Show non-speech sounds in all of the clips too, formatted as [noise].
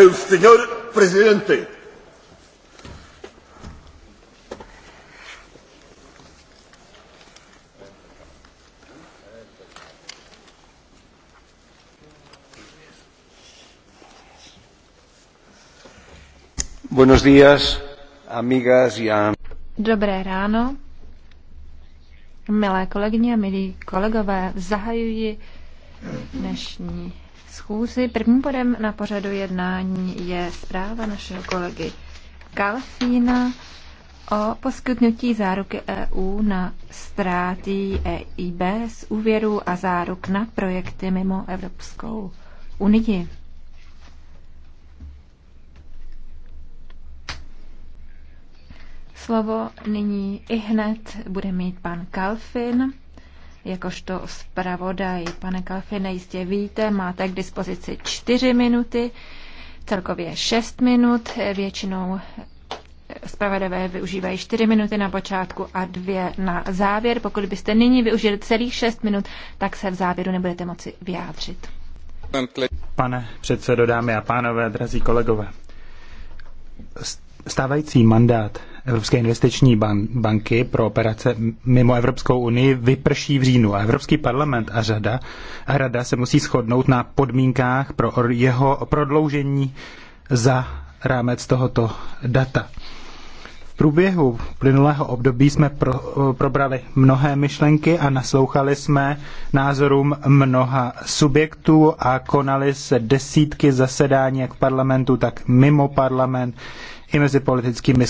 el señor presidente. Buenos días, amigas y Dobré ráno, milé kolegyně, milí kolegové, zahajuji dnešní schůzi. Prvním bodem na pořadu jednání je zpráva našeho kolegy Kalfína o poskytnutí záruky EU na ztráty EIB z úvěru a záruk na projekty mimo Evropskou unii. Slovo nyní i hned bude mít pan Kalfin jakožto zpravodaj. Pane Kalfine, jistě víte, máte k dispozici čtyři minuty, celkově šest minut, většinou zpravodajové využívají čtyři minuty na počátku a dvě na závěr. Pokud byste nyní využili celých šest minut, tak se v závěru nebudete moci vyjádřit. Pane předsedo, dámy a pánové, drazí kolegové, stávající mandát Evropské investiční banky pro operace mimo Evropskou unii vyprší v říjnu a Evropský parlament a, řada, a rada se musí shodnout na podmínkách pro jeho prodloužení za rámec tohoto data. V průběhu plynulého období jsme pro, probrali mnohé myšlenky a naslouchali jsme názorům mnoha subjektů a konali se desítky zasedání jak v parlamentu, tak mimo parlament i mezi politickými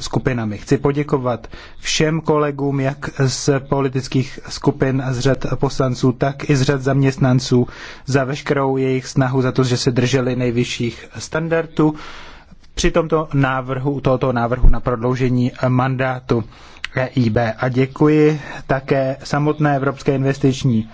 skupinami. Chci poděkovat všem kolegům, jak z politických skupin z řad poslanců, tak i z řad zaměstnanců za veškerou jejich snahu, za to, že se drželi nejvyšších standardů při tomto návrhu, tohoto návrhu na prodloužení mandátu EIB. A děkuji také samotné Evropské investiční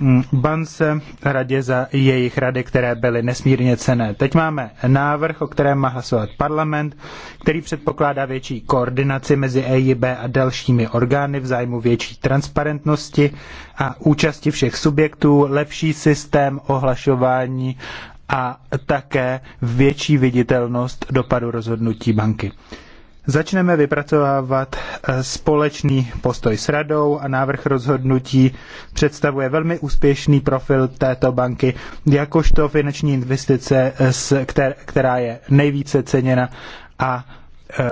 Mm, bance radě za jejich rady, které byly nesmírně cené. Teď máme návrh, o kterém má hlasovat parlament, který předpokládá větší koordinaci mezi EIB a dalšími orgány v zájmu větší transparentnosti a účasti všech subjektů, lepší systém ohlašování a také větší viditelnost dopadu rozhodnutí banky. Začneme vypracovávat eh, společný postoj s radou a návrh rozhodnutí představuje velmi úspěšný profil této banky, jakožto finanční investice, eh, která je nejvíce ceněna a eh,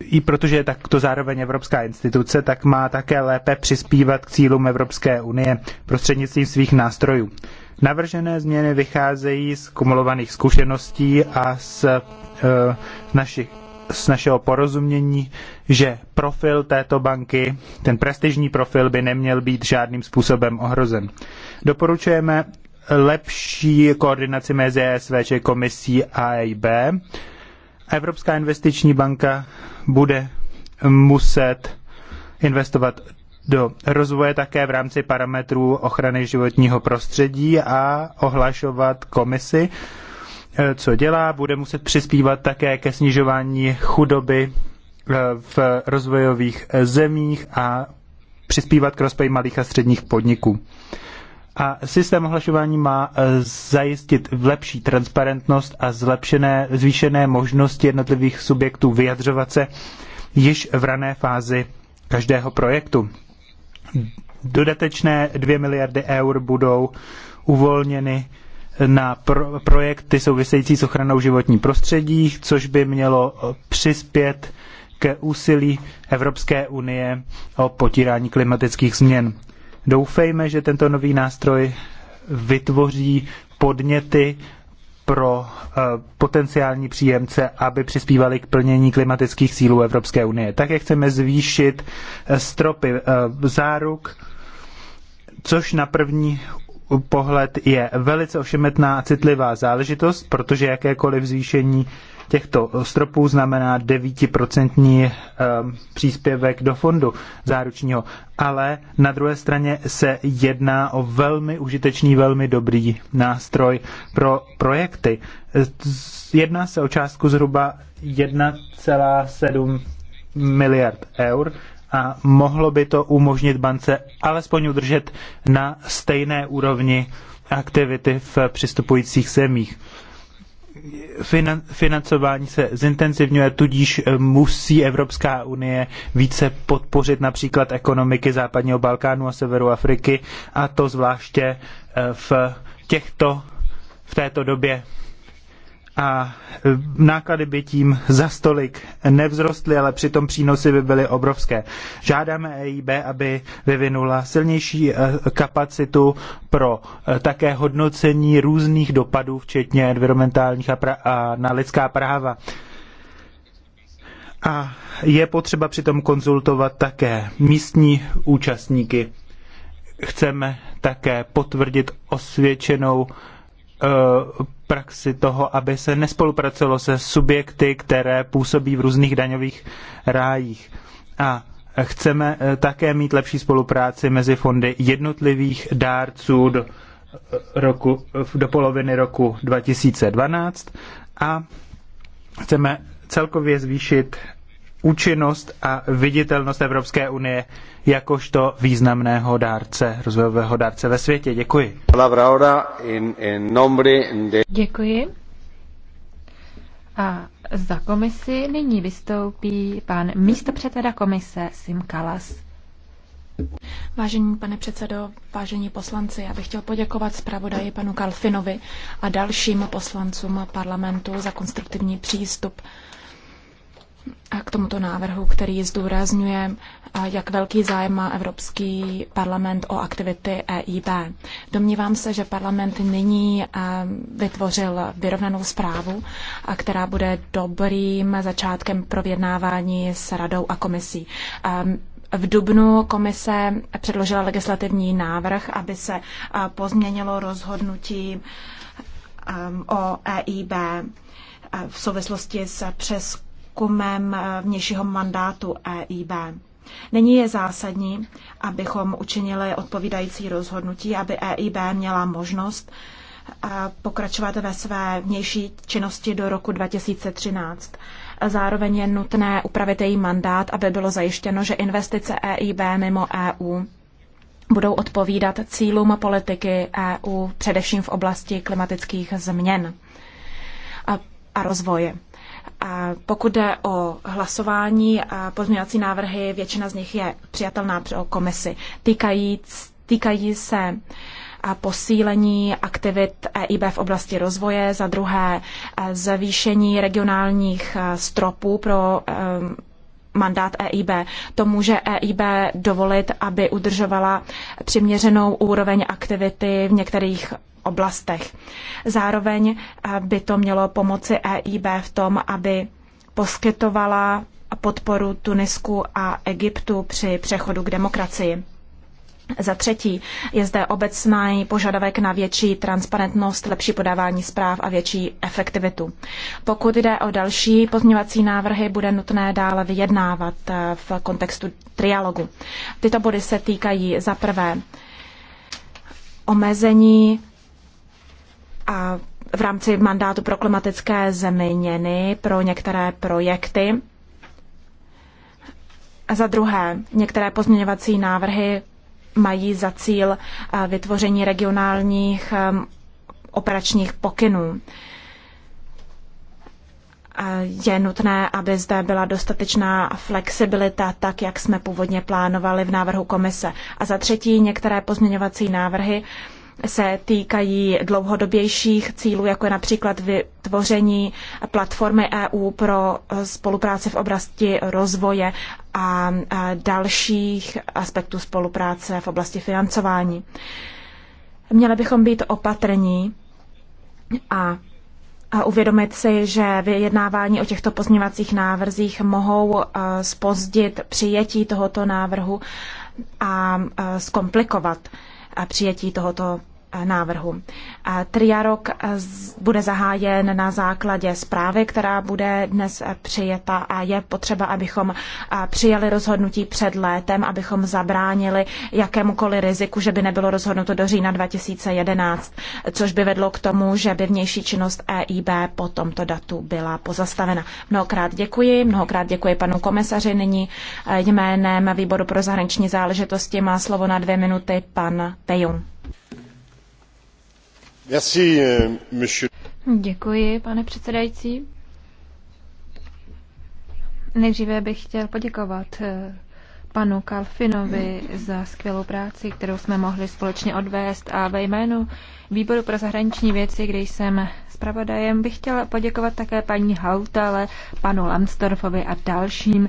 i protože je takto zároveň evropská instituce, tak má také lépe přispívat k cílům Evropské unie prostřednictvím svých nástrojů. Navržené změny vycházejí z kumulovaných zkušeností a z našich z našeho porozumění, že profil této banky, ten prestižní profil, by neměl být žádným způsobem ohrozen. Doporučujeme lepší koordinaci mezi ESVČ komisí a EIB. Evropská investiční banka bude muset investovat do rozvoje také v rámci parametrů ochrany životního prostředí a ohlašovat komisi Eh, co dělá, bude muset přispívat také ke snižování chudoby eh, v rozvojových eh, zemích a přispívat k rozpoji malých a středních podniků. A systém ohlašování má zajistit lepší transparentnost a zlepšené, zvýšené možnosti jednotlivých subjektů vyjadřovat se již v rané fázi každého projektu. Dodatečné 2 miliardy eur budou uvolněny na pro, projekty související s ochranou životní prostředí, což by mělo eh, přispět k úsilí Evropské unie o potírání klimatických změn. Doufejme, že tento nový nástroj vytvoří podněty pro eh, potenciální příjemce, aby přispívali k plnění klimatických cílů Evropské unie. Také chceme zvýšit eh, stropy záruk, což na první pohled je velice ošemetná a citlivá záležitost, protože jakékoliv zvýšení těchto stropů znamená 9% eh, příspěvek do fondu záručního. Ale na druhé straně se jedná o velmi užitečný, velmi dobrý nástroj pro projekty. Jedná se o částku zhruba 1,7 miliard eur a mohlo by to umožnit bance alespoň udržet na stejné úrovni aktivity v přistupujících zemích. Finan financování se zintenzivňuje, tudíž musí Evropská unie více podpořit například ekonomiky západního Balkánu a severu Afriky, a to zvláště eh, v těchto v této době a e, náklady by tím za stolik nevzrostly, ale přitom přínosy by byly obrovské. Žádáme EIB, aby vyvinula silnější e, kapacitu pro e, také hodnocení různých dopadů, včetně environmentálních a, a na lidská práva. A je potřeba přitom konzultovat také místní účastníky. Chceme také potvrdit osvědčenou uh, praxi toho, aby se nespolupracovalo se subjekty, které působí v různých daňových rájích. A chceme eh, také mít lepší spolupráci mezi fondy jednotlivých dárců do, eh, roku, do poloviny roku 2012 a chceme celkově zvýšit účinnost a viditelnost Evropské unie jakožto významného dárce, rozvojového dárce ve světě. Děkuji. Děkuji. A za komisi nyní vystoupí pan místopředseda komise Sim Kalas. Vážení pane předsedo, vážení poslanci, já bych chtěl poděkovat zpravodaji panu Kalfinovi a dalším poslancům parlamentu za konstruktivní přístup k tomuto návrhu, který zdůrazňuje, jak velký zájem má Evropský parlament o aktivity EIB. Domnívám se, že parlament nyní vytvořil vyrovnanou zprávu, která bude dobrým začátkem pro vyjednávání s radou a komisí. V dubnu komise předložila legislativní návrh, aby se pozměnilo rozhodnutí o EIB v souvislosti s přes výzkumem vnějšího mandátu EIB. není je zásadní, abychom učinili odpovídající rozhodnutí, aby EIB měla možnost eh, pokračovat ve své vnější činnosti do roku 2013. Zároveň je nutné upravit její mandát, aby bylo zajištěno, že investice EIB mimo EU budou odpovídat cílům politiky EU, především v oblasti klimatických změn a rozvoje. Pokud jde o hlasování, pozměňovací návrhy, většina z nich je přijatelná pro komisi. Týkají, týkají se posílení aktivit EIB v oblasti rozvoje, za druhé zvýšení regionálních stropů pro mandát EIB. To může EIB dovolit, aby udržovala přiměřenou úroveň aktivity v některých oblastech. Zároveň eh, by to mělo pomoci EIB v tom, aby poskytovala podporu Tunisku a Egyptu při přechodu k demokracii. Za třetí je zde obecný požadavek na větší transparentnost, lepší podávání zpráv a větší efektivitu. Pokud jde o další pozměňovací návrhy, bude nutné dále vyjednávat eh, v kontextu trialogu. Tyto body se týkají za prvé omezení v rámci mandátu pro klimatické změny pro některé projekty. A za druhé, některé pozměňovací návrhy mají za cíl eh, vytvoření regionálních eh, operačních pokynů. Je nutné, aby zde byla dostatečná flexibilita, tak jak jsme původně plánovali v návrhu komise. A za třetí, některé pozměňovací návrhy se týkají dlouhodobějších cílů, jako je například vytvoření platformy EU pro eh, spolupráci v oblasti rozvoje a eh, dalších aspektů spolupráce v oblasti financování. Měli bychom být opatrní a a uvědomit si, že vyjednávání o těchto pozměvacích návrzích mohou spozdit eh, přijetí tohoto návrhu a zkomplikovat přijetí tohoto návrhu. Triarok bude zahájen na základě zprávy, která bude dnes přijeta a je potřeba, abychom přijali rozhodnutí před létem, abychom zabránili jakémukoliv riziku, že by nebylo rozhodnuto do října 2011, což by vedlo k tomu, že by vnější činnost EIB po tomto datu byla pozastavena. Mnohokrát děkuji, mnohokrát děkuji panu komisaři. Nyní e, jménem Výboru pro zahraniční záležitosti má slovo na dvě minuty pan Tejun. Euh, Děkuji, pane předsedající. Nejdříve bych chtěl poděkovat eh, panu Kalfinovi za skvělou práci, kterou jsme mohli společně odvést a ve jménu Výboru pro zahraniční věci, kde jsem zpravodajem, bych chtěl poděkovat také paní Hautale, panu Lansdorfovi a dalším.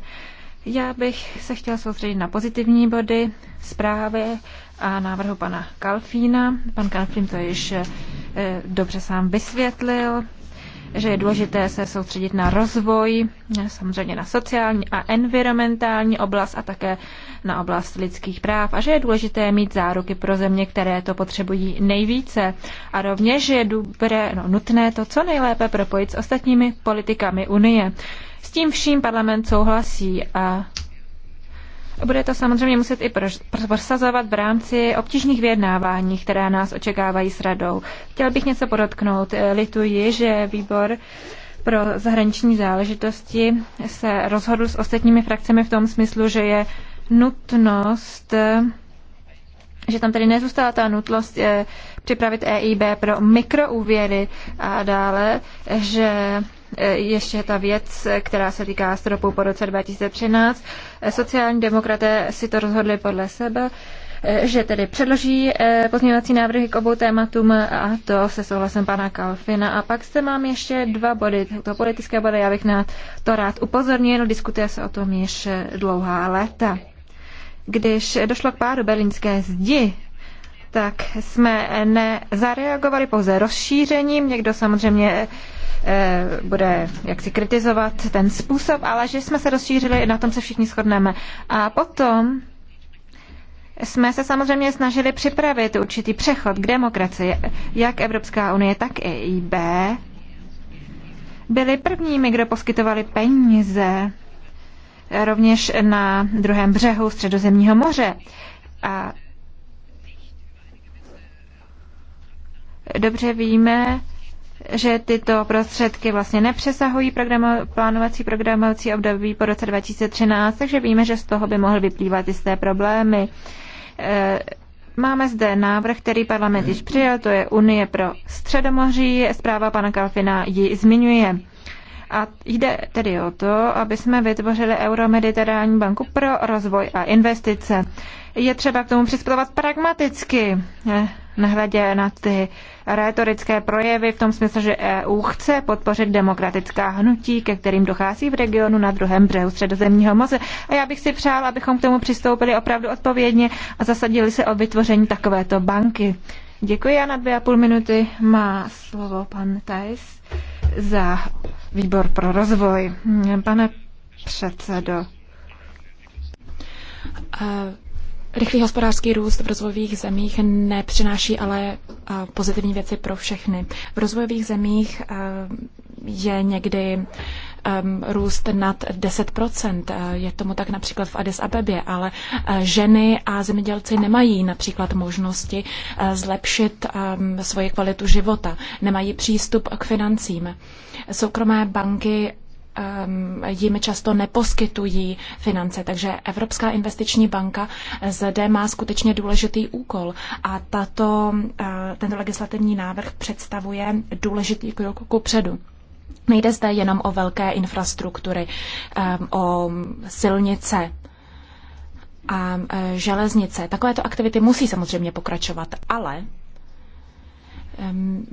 Já bych se chtěla soustředit na pozitivní body zprávy a návrhu pana Kalfína. Pan Kalfín to již eh, Eh, dobře sám vysvětlil, že je důležité se soustředit na rozvoj, eh, samozřejmě na sociální a environmentální oblast a také na oblast lidských práv a že je důležité mít záruky pro země, které to potřebují nejvíce a rovněž je důbré, no, nutné to co nejlépe propojit s ostatními politikami Unie. S tím vším parlament souhlasí a bude to samozřejmě muset i prosazovat v rámci obtížných vyjednávání, která nás očekávají s radou. Chtěl bych něco podotknout. Eh, lituji, že výbor pro zahraniční záležitosti se rozhodl s ostatními frakcemi v tom smyslu, že je nutnost eh, že tam tedy nezůstala ta nutnost eh, připravit EIB pro mikroúvěry a dále, že ještě ta věc, která se týká stropu po roce 2013. Sociální demokraté si to rozhodli podle sebe že tedy předloží eh, pozměňovací návrhy k obou tématům a to se souhlasem pana Kalfina. A pak se mám ještě dva body, to politické body, já bych na to rád upozornil, diskutuje se o tom již dlouhá léta. Když došlo k pádu berlínské zdi, tak jsme nezareagovali pouze rozšířením. Někdo samozřejmě Eh, bude jaksi kritizovat ten způsob, ale že jsme se rozšířili, na tom se všichni shodneme. A potom jsme se samozřejmě snažili připravit určitý přechod k demokracii, jak Evropská unie, tak i IB byli prvními, kdo poskytovali peníze eh, rovněž na druhém břehu Středozemního moře. A dobře víme, že tyto prostředky vlastně nepřesahují programo- plánovací programovací období po roce 2013, takže víme, že z toho by mohly vyplývat jisté problémy. Eh, máme zde návrh, který parlament již přijal, to je Unie pro středomoří. Zpráva pana Kalfina ji zmiňuje. A jde tedy o to, aby jsme vytvořili Euromediterální banku pro rozvoj a investice. Je třeba k tomu přistupovat pragmaticky. Eh, nahradě na ty retorické projevy v tom smyslu, že EU chce podpořit demokratická hnutí, ke kterým dochází v regionu na druhém břehu středozemního moře. A já bych si přál, abychom k tomu přistoupili opravdu odpovědně a zasadili se o vytvoření takovéto banky. Děkuji a na dvě a půl minuty má slovo pan Tajs za výbor pro rozvoj. Pane předsedo. Uh... Rychlý hospodářský růst v rozvojových zemích nepřináší ale eh, pozitivní věci pro všechny. V rozvojových zemích eh, je někdy ehm, růst nad 10 eh, Je tomu tak například v Addis Abebě, ale ženy a zemědělci nemají například možnosti zlepšit ehm, svoji kvalitu života, nemají přístup k financím. Soukromé banky Um, jim často neposkytují finance. Takže Evropská investiční banka zde má skutečně důležitý úkol a tato, uh, tento legislativní návrh představuje důležitý krok ku předu. Nejde zde jenom o velké infrastruktury, um, o silnice a uh, železnice. Takovéto aktivity musí samozřejmě pokračovat, ale um,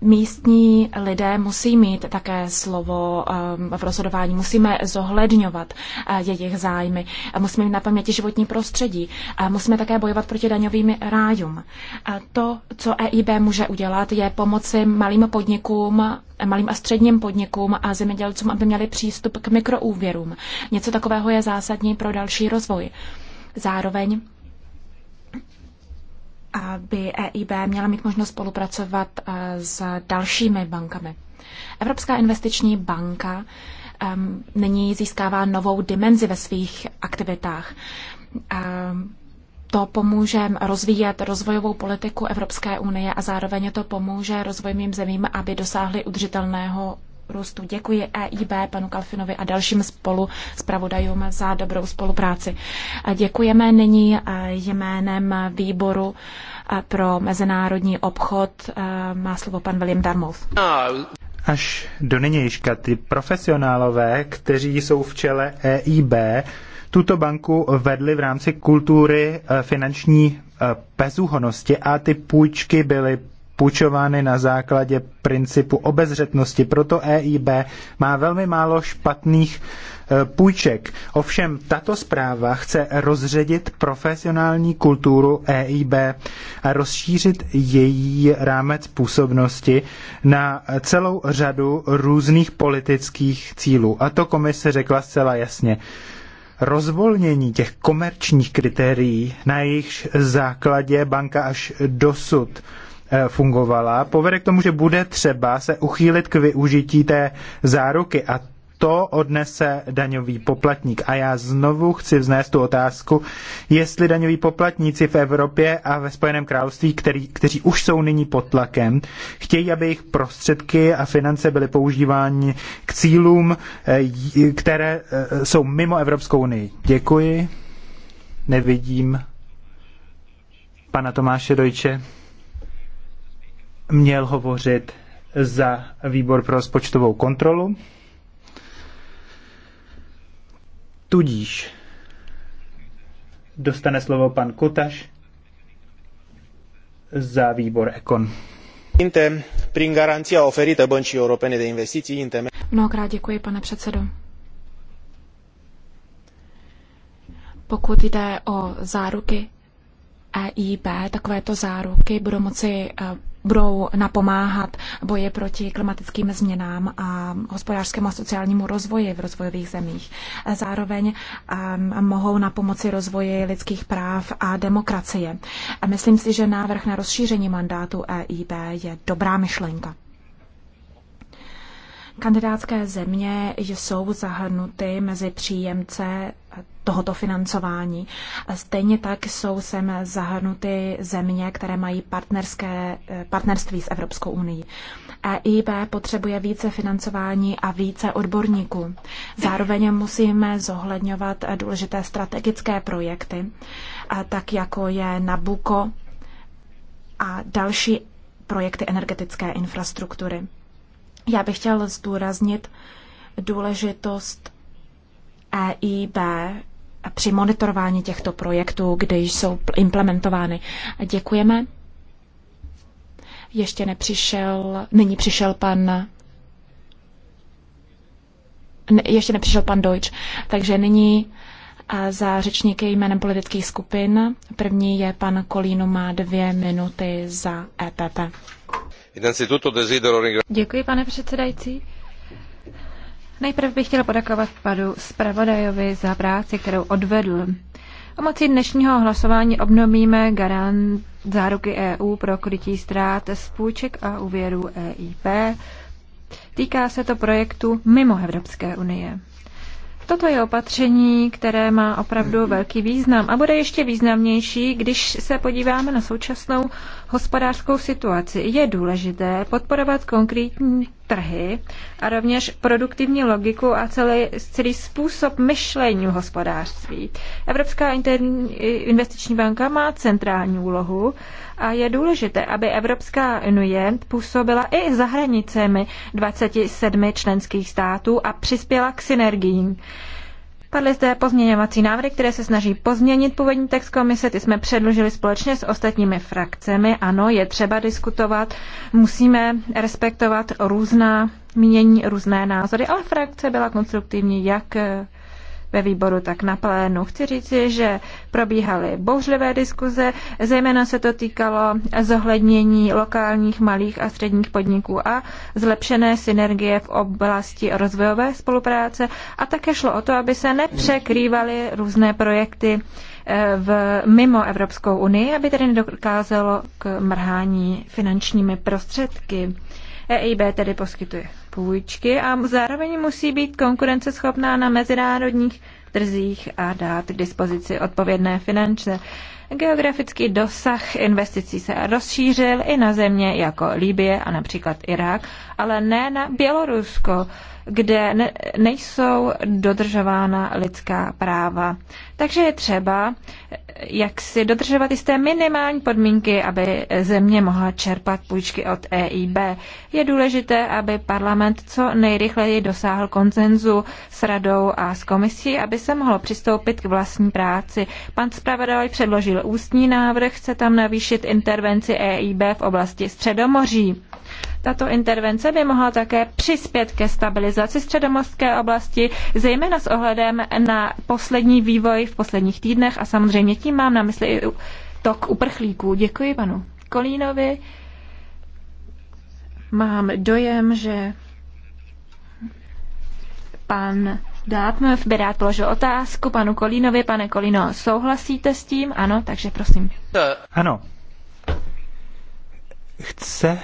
místní lidé musí mít také slovo um, v rozhodování. Musíme zohledňovat uh, jejich zájmy. Musíme mít na paměti životní prostředí. Musíme také bojovat proti daňovým rájům. To, co EIB může udělat, je pomoci malým podnikům malým a středním podnikům a zemědělcům, aby měli přístup k mikroúvěrům. Něco takového je zásadní pro další rozvoj. Zároveň by EIB měla mít možnost spolupracovat eh, s dalšími bankami. Evropská investiční banka um, nyní získává novou dimenzi ve svých aktivitách. Um, to pomůže rozvíjet rozvojovou politiku Evropské unie a zároveň to pomůže rozvojovým zemím, aby dosáhly udržitelného růstu. Děkuji EIB, panu Kalfinovi a dalším spolu zpravodajům za dobrou spolupráci. Děkujeme nyní e, jménem výboru e, pro mezinárodní obchod. E, má slovo pan William Darmouth. Až do nynějška ty profesionálové, kteří jsou v čele EIB, tuto banku vedli v rámci kultury finanční bezúhonosti a ty půjčky byly půjčovány na základě principu obezřetnosti. Proto EIB má velmi málo špatných eh, půjček. Ovšem tato zpráva chce rozředit profesionální kulturu EIB a rozšířit její rámec působnosti na celou řadu různých politických cílů. A to komise řekla zcela jasně rozvolnění těch komerčních kritérií, na jejich základě banka až dosud Eh, fungovala, povede k tomu, že bude třeba se uchýlit k využití té záruky a to odnese daňový poplatník. A já znovu chci vznést tu otázku, jestli daňoví poplatníci v Evropě a ve Spojeném království, který, kteří už jsou nyní pod tlakem, chtějí, aby jejich prostředky a finance byly používány k cílům, eh, které eh, jsou mimo Evropskou unii. Děkuji. Nevidím pana Tomáše Dojče měl hovořit za výbor pro rozpočtovou kontrolu. Tudíž dostane slovo pan Kutaš za výbor Ekon. Prin garancia oferită Băncii Europene de Investiții, INTM. Mnohokrát děkuji, pane předsedo. Pokud jde o záruky EIB, takovéto záruky budou moci eh, budou napomáhat boje proti klimatickým změnám a hospodářskému a sociálnímu rozvoji v rozvojových zemích. Zároveň um, mohou na pomoci rozvoji lidských práv a demokracie. Myslím si, že návrh na rozšíření mandátu EIB je dobrá myšlenka. Kandidátské země jsou zahrnuty mezi příjemce tohoto financování. Stejně tak jsou sem zahrnuty země, které mají partnerské, eh, partnerství s Evropskou unii. EIB potřebuje více financování a více odborníků. Zároveň musíme zohledňovat důležité strategické projekty, eh, tak jako je Nabuko a další projekty energetické infrastruktury. Já bych chtěl zdůraznit důležitost EIB při monitorování těchto projektů, když jsou implementovány. Děkujeme. Ještě nepřišel, nyní přišel pan ne, ještě nepřišel pan Deutsch, takže nyní a za řečníky jménem politických skupin. První je pan Kolínu, má dvě minuty za EPP. Děkuji, pane předsedající. Nejprve bych chtěla poděkovat panu zpravodajovi za práci, kterou odvedl. Pomocí dnešního hlasování obnovíme garant záruky EU pro krytí ztrát z půjček a úvěru EIP. Týká se to projektu mimo Evropské unie. Toto je opatření, které má opravdu velký význam a bude ještě významnější, když se podíváme na současnou hospodářskou situaci. Je důležité podporovat konkrétní trhy a rovněž produktivní logiku a celý, celý způsob myšlení v hospodářství. Evropská investiční banka má centrální úlohu a je důležité, aby Evropská unie působila i za hranicemi 27 členských států a přispěla k synergiím. Padly zde pozměňovací návrhy, které se snaží pozměnit původní text komise, ty jsme předložili společně s ostatními frakcemi. Ano, je třeba diskutovat, musíme respektovat různá mínění, různé názory, ale frakce byla konstruktivní jak eh, ve výboru, tak na plénu. Chci říci, že probíhaly bouřlivé diskuze, zejména se to týkalo zohlednění lokálních malých a středních podniků a zlepšené synergie v oblasti rozvojové spolupráce a také šlo o to, aby se nepřekrývaly různé projekty eh, v, mimo Evropskou unii, aby tedy nedokázalo k mrhání finančními prostředky. EIB tedy poskytuje půjčky a zároveň musí být konkurenceschopná na mezinárodních trzích a dát k dispozici odpovědné finance. Geografický dosah investicí se rozšířil i na země jako Líbie a například Irák, ale ne na Bělorusko kde ne, nejsou dodržována lidská práva. Takže je třeba jak si dodržovat jisté minimální podmínky, aby země mohla čerpat půjčky od EIB. Je důležité, aby parlament co nejrychleji dosáhl koncenzu s radou a s komisí, aby se mohlo přistoupit k vlastní práci. Pan zpravodaj předložil ústní návrh, chce tam navýšit intervenci EIB v oblasti Středomoří. Tato intervence by mohla také přispět ke stabilizaci středomorské oblasti, zejména s ohledem na poslední vývoj v posledních týdnech a samozřejmě tím mám na mysli i tok uprchlíků. Děkuji panu Kolínovi. Mám dojem, že pan Dátmev by rád položil otázku panu Kolínovi. Pane Kolíno, souhlasíte s tím? Ano, takže prosím. Ano. Chce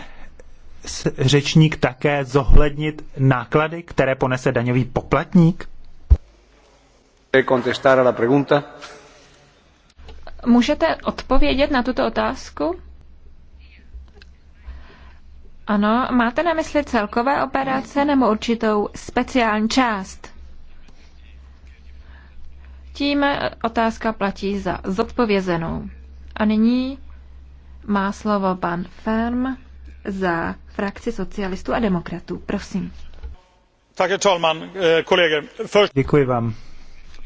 řečník také zohlednit náklady, které ponese daňový poplatník? Můžete odpovědět na tuto otázku? Ano, máte na mysli celkové operace nebo určitou speciální část? Tím otázka platí za zodpovězenou. A nyní má slovo pan Ferm za frakci socialistů a demokratů. Prosím. Eh, Děkuji vám,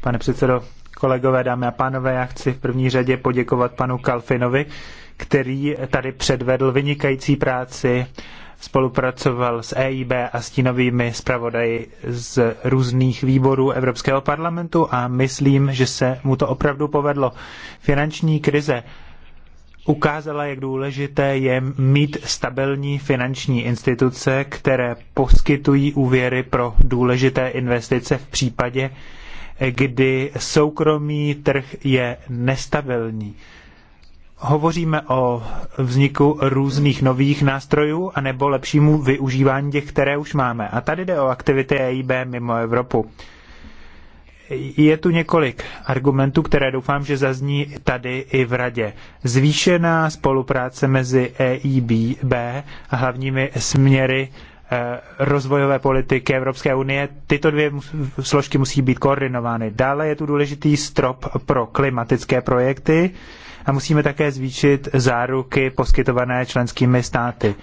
pane předsedo. Kolegové, dámy a pánové, já chci v první řadě poděkovat panu Kalfinovi, který tady předvedl vynikající práci, spolupracoval s EIB a s tínovými zpravodaji z různých výborů Evropského parlamentu a myslím, že se mu to opravdu povedlo. Finanční krize ukázala, jak důležité je mít stabilní finanční instituce, které poskytují úvěry pro důležité investice v případě, kdy soukromý trh je nestabilní. Hovoříme o vzniku různých nových nástrojů nebo lepšímu využívání těch, které už máme. A tady jde o aktivity EIB mimo Evropu je tu několik argumentů, které doufám, že zazní tady i v radě. Zvýšená spolupráce mezi EIB a hlavními směry eh, rozvojové politiky Evropské unie. Tyto dvě složky musí být koordinovány. Dále je tu důležitý strop pro klimatické projekty a musíme také zvýšit záruky poskytované členskými státy.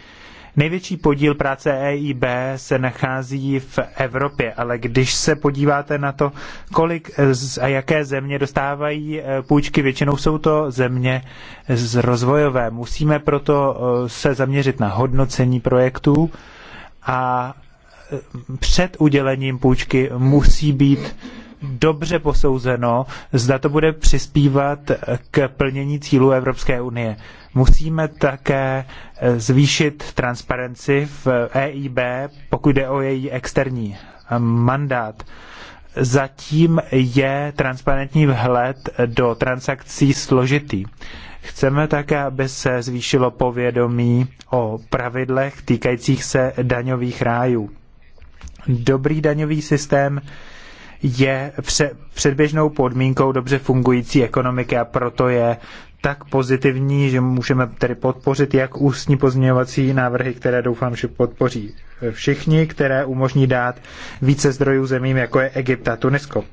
Největší podíl práce EIB se nachází v Evropě, ale když se podíváte na to, kolik a jaké země dostávají e, půjčky, většinou jsou to země z rozvojové. Musíme proto e, se zaměřit na hodnocení projektů a e, před udělením půjčky musí být dobře posouzeno, zda to bude přispívat k plnění cílů Evropské unie. Musíme také eh, zvýšit transparenci v EIB, pokud jde o její externí eh, mandát. Zatím je transparentní vhled do transakcí složitý. Chceme také, aby se zvýšilo povědomí o pravidlech týkajících se daňových rájů. Dobrý daňový systém je předběžnou podmínkou dobře fungující ekonomiky a proto je tak pozitivní, že můžeme tedy podpořit jak ústní pozměňovací návrhy, které doufám, že podpoří eh, všichni, které umožní dát více zdrojů zemím, jako je Egypt a Tunisko.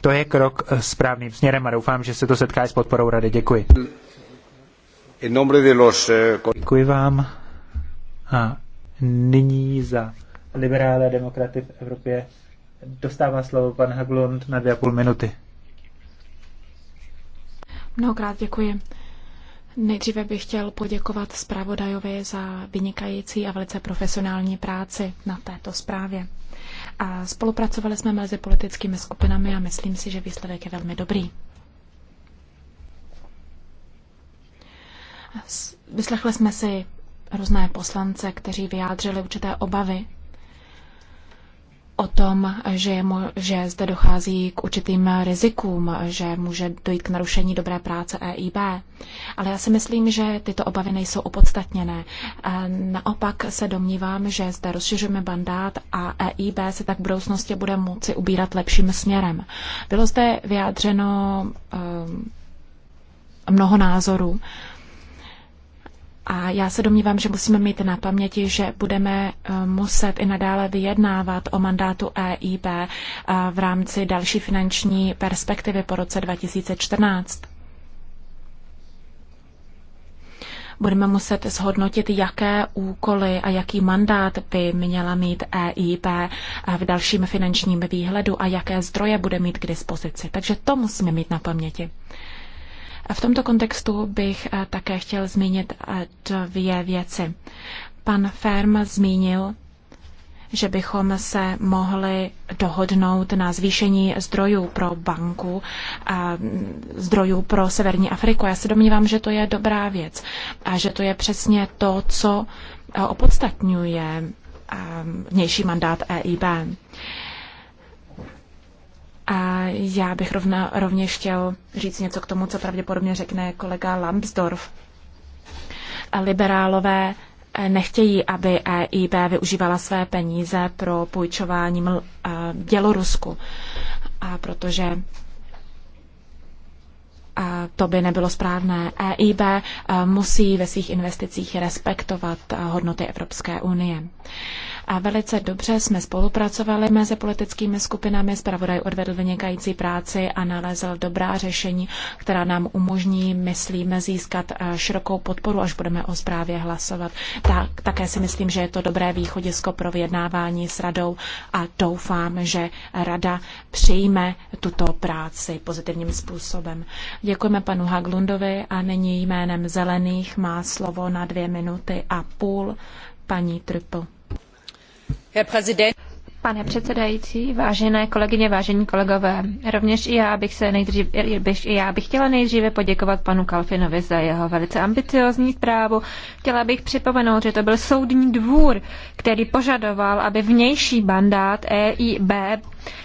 To je krok eh, správným směrem a doufám, že se to setká i s podporou Rady. Děkuji. Eh, Děkuji vám. A nyní za liberále demokraty v Evropě dostává slovo pan Haglund na dvě a půl minuty. Mnohokrát děkuji. Nejdříve bych chtěl poděkovat zpravodajovi za vynikající a velice profesionální práci na této zprávě. A spolupracovali jsme mezi politickými skupinami a myslím si, že výsledek je velmi dobrý. Vyslechli jsme si různé poslance, kteří vyjádřili určité obavy o tom, že, je, že zde dochází k určitým rizikům, že může dojít k narušení dobré práce EIB. Ale já si myslím, že tyto obavy nejsou opodstatněné. Naopak se domnívám, že zde rozšiřujeme bandát a EIB se tak v budoucnosti bude moci ubírat lepším směrem. Bylo zde vyjádřeno ehm, mnoho názorů a já se domnívám, že musíme mít na paměti, že budeme eh, muset i nadále vyjednávat o mandátu EIB eh, v rámci další finanční perspektivy po roce 2014. Budeme muset zhodnotit, jaké úkoly a jaký mandát by měla mít EIB eh, v dalším finančním výhledu a jaké zdroje bude mít k dispozici. Takže to musíme mít na paměti. V tomto kontextu bych eh, také chtěl zmínit eh, dvě věci. Pan Ferm zmínil, že bychom se mohli dohodnout na zvýšení zdrojů pro banku a mm, zdrojů pro Severní Afriku. Já se domnívám, že to je dobrá věc a že to je přesně to, co eh, opodstatňuje vnější mandát EIB. A já bych rovna, rovněž chtěl říct něco k tomu, co pravděpodobně řekne kolega Lambsdorff. Liberálové eh, nechtějí, aby EIB využívala své peníze pro půjčování eh, Bělorusku, a protože a to by nebylo správné. EIB eh, musí ve svých investicích respektovat hodnoty Evropské unie. A velice dobře jsme spolupracovali mezi politickými skupinami, zpravodaj odvedl vynikající práci a nalezl dobrá řešení, která nám umožní, myslíme, získat eh, širokou podporu, až budeme o zprávě hlasovat. Tak, také si myslím, že je to dobré východisko pro vyjednávání s radou a doufám, že rada přijme tuto práci pozitivním způsobem. Děkujeme panu Haglundovi a nyní jménem Zelených má slovo na dvě minuty a půl paní Triple. Pane předsedající, vážené kolegyně, vážení kolegové, rovněž i já bych se nejdřív, bych, i já bych chtěla nejdříve poděkovat panu Kalfinovi za jeho velice ambiciozní zprávu. Chtěla bych připomenout, že to byl soudní dvůr, který požadoval, aby vnější mandát EIB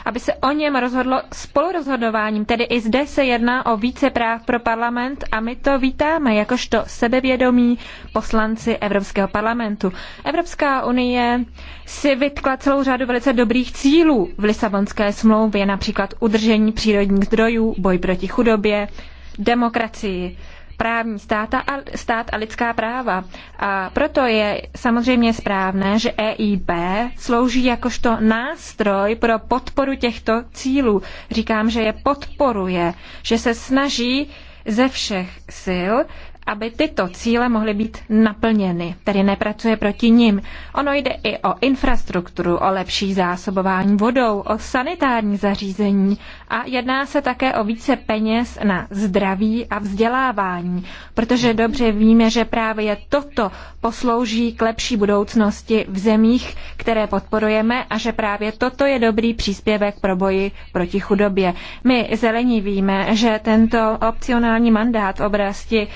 aby se o něm rozhodlo spolurozhodováním. Tedy i zde se jedná o více práv pro parlament a my to vítáme jakožto sebevědomí poslanci Evropského parlamentu. Evropská unie si vytkla celou řadu velice dobrých cílů v Lisabonské smlouvě, například udržení přírodních zdrojů, boj proti chudobě, demokracii právní stát a, stát a lidská práva. A proto je samozřejmě správné, že EIB slouží jakožto nástroj pro podporu těchto cílů. Říkám, že je podporuje, že se snaží ze všech sil, aby tyto cíle mohly být naplněny, tedy nepracuje proti nim. Ono jde i o infrastrukturu, o lepší zásobování vodou, o sanitární zařízení a jedná se také o více peněz na zdraví a vzdělávání, protože dobře víme, že právě toto poslouží k lepší budoucnosti v zemích, které podporujeme a že právě toto je dobrý příspěvek pro boji proti chudobě. My zelení víme, že tento opcionální mandát v oblasti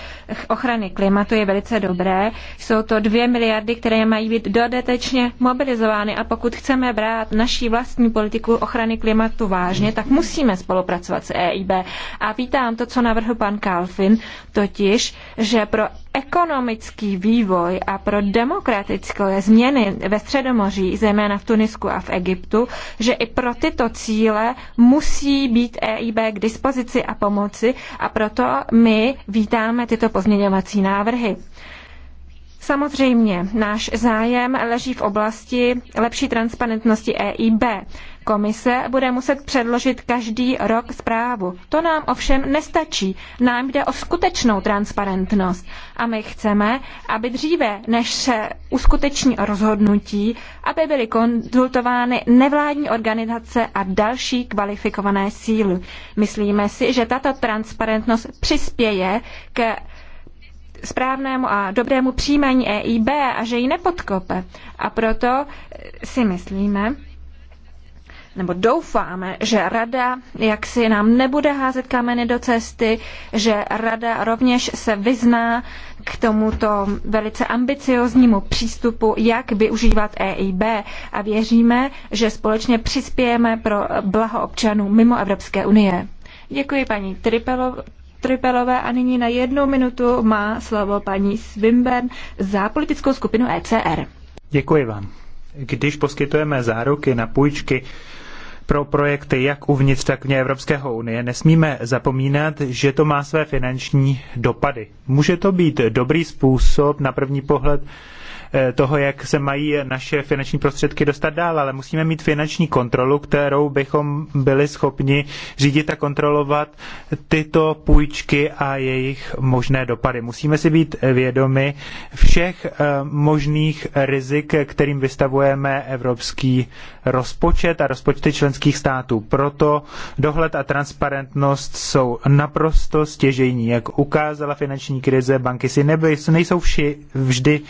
ochrany klimatu je velice dobré. Jsou to dvě miliardy, které mají být dodatečně mobilizovány a pokud chceme brát naší vlastní politiku ochrany klimatu vážně, tak musíme spolupracovat s EIB. A vítám to, co navrhl pan Kalfin, totiž, že pro ekonomický vývoj a pro demokratické změny ve Středomoří, zejména v Tunisku a v Egyptu, že i pro tyto cíle musí být EIB k dispozici a pomoci a proto my vítáme tyto pozměňovací návrhy. Samozřejmě, náš zájem leží v oblasti lepší transparentnosti EIB. Komise bude muset předložit každý rok zprávu. To nám ovšem nestačí. Nám jde o skutečnou transparentnost. A my chceme, aby dříve, než se uskuteční rozhodnutí, aby byly konzultovány nevládní organizace a další kvalifikované síly. Myslíme si, že tato transparentnost přispěje ke správnému a dobrému přijímání EIB a že ji nepodkope. A proto si myslíme, nebo doufáme, že rada jaksi nám nebude házet kameny do cesty, že rada rovněž se vyzná k tomuto velice ambicioznímu přístupu, jak využívat EIB a věříme, že společně přispějeme pro blaho občanů mimo Evropské unie. Děkuji paní Tripelo, Tripelové a nyní na jednu minutu má slovo paní Swinburne za politickou skupinu ECR. Děkuji vám. Když poskytujeme záruky na půjčky, pro projekty jak uvnitř, tak vně Evropského unie, nesmíme zapomínat, že to má své finanční dopady. Může to být dobrý způsob na první pohled eh, toho, jak se mají naše finanční prostředky dostat dál, ale musíme mít finanční kontrolu, kterou bychom byli schopni řídit a kontrolovat tyto půjčky a jejich možné dopady. Musíme si být vědomi všech eh, možných rizik, kterým vystavujeme evropský rozpočet a rozpočty členských států. Proto dohled a transparentnost jsou naprosto stěžejní. Jak ukázala finanční krize, banky si nebyly, nejsou vši, vždy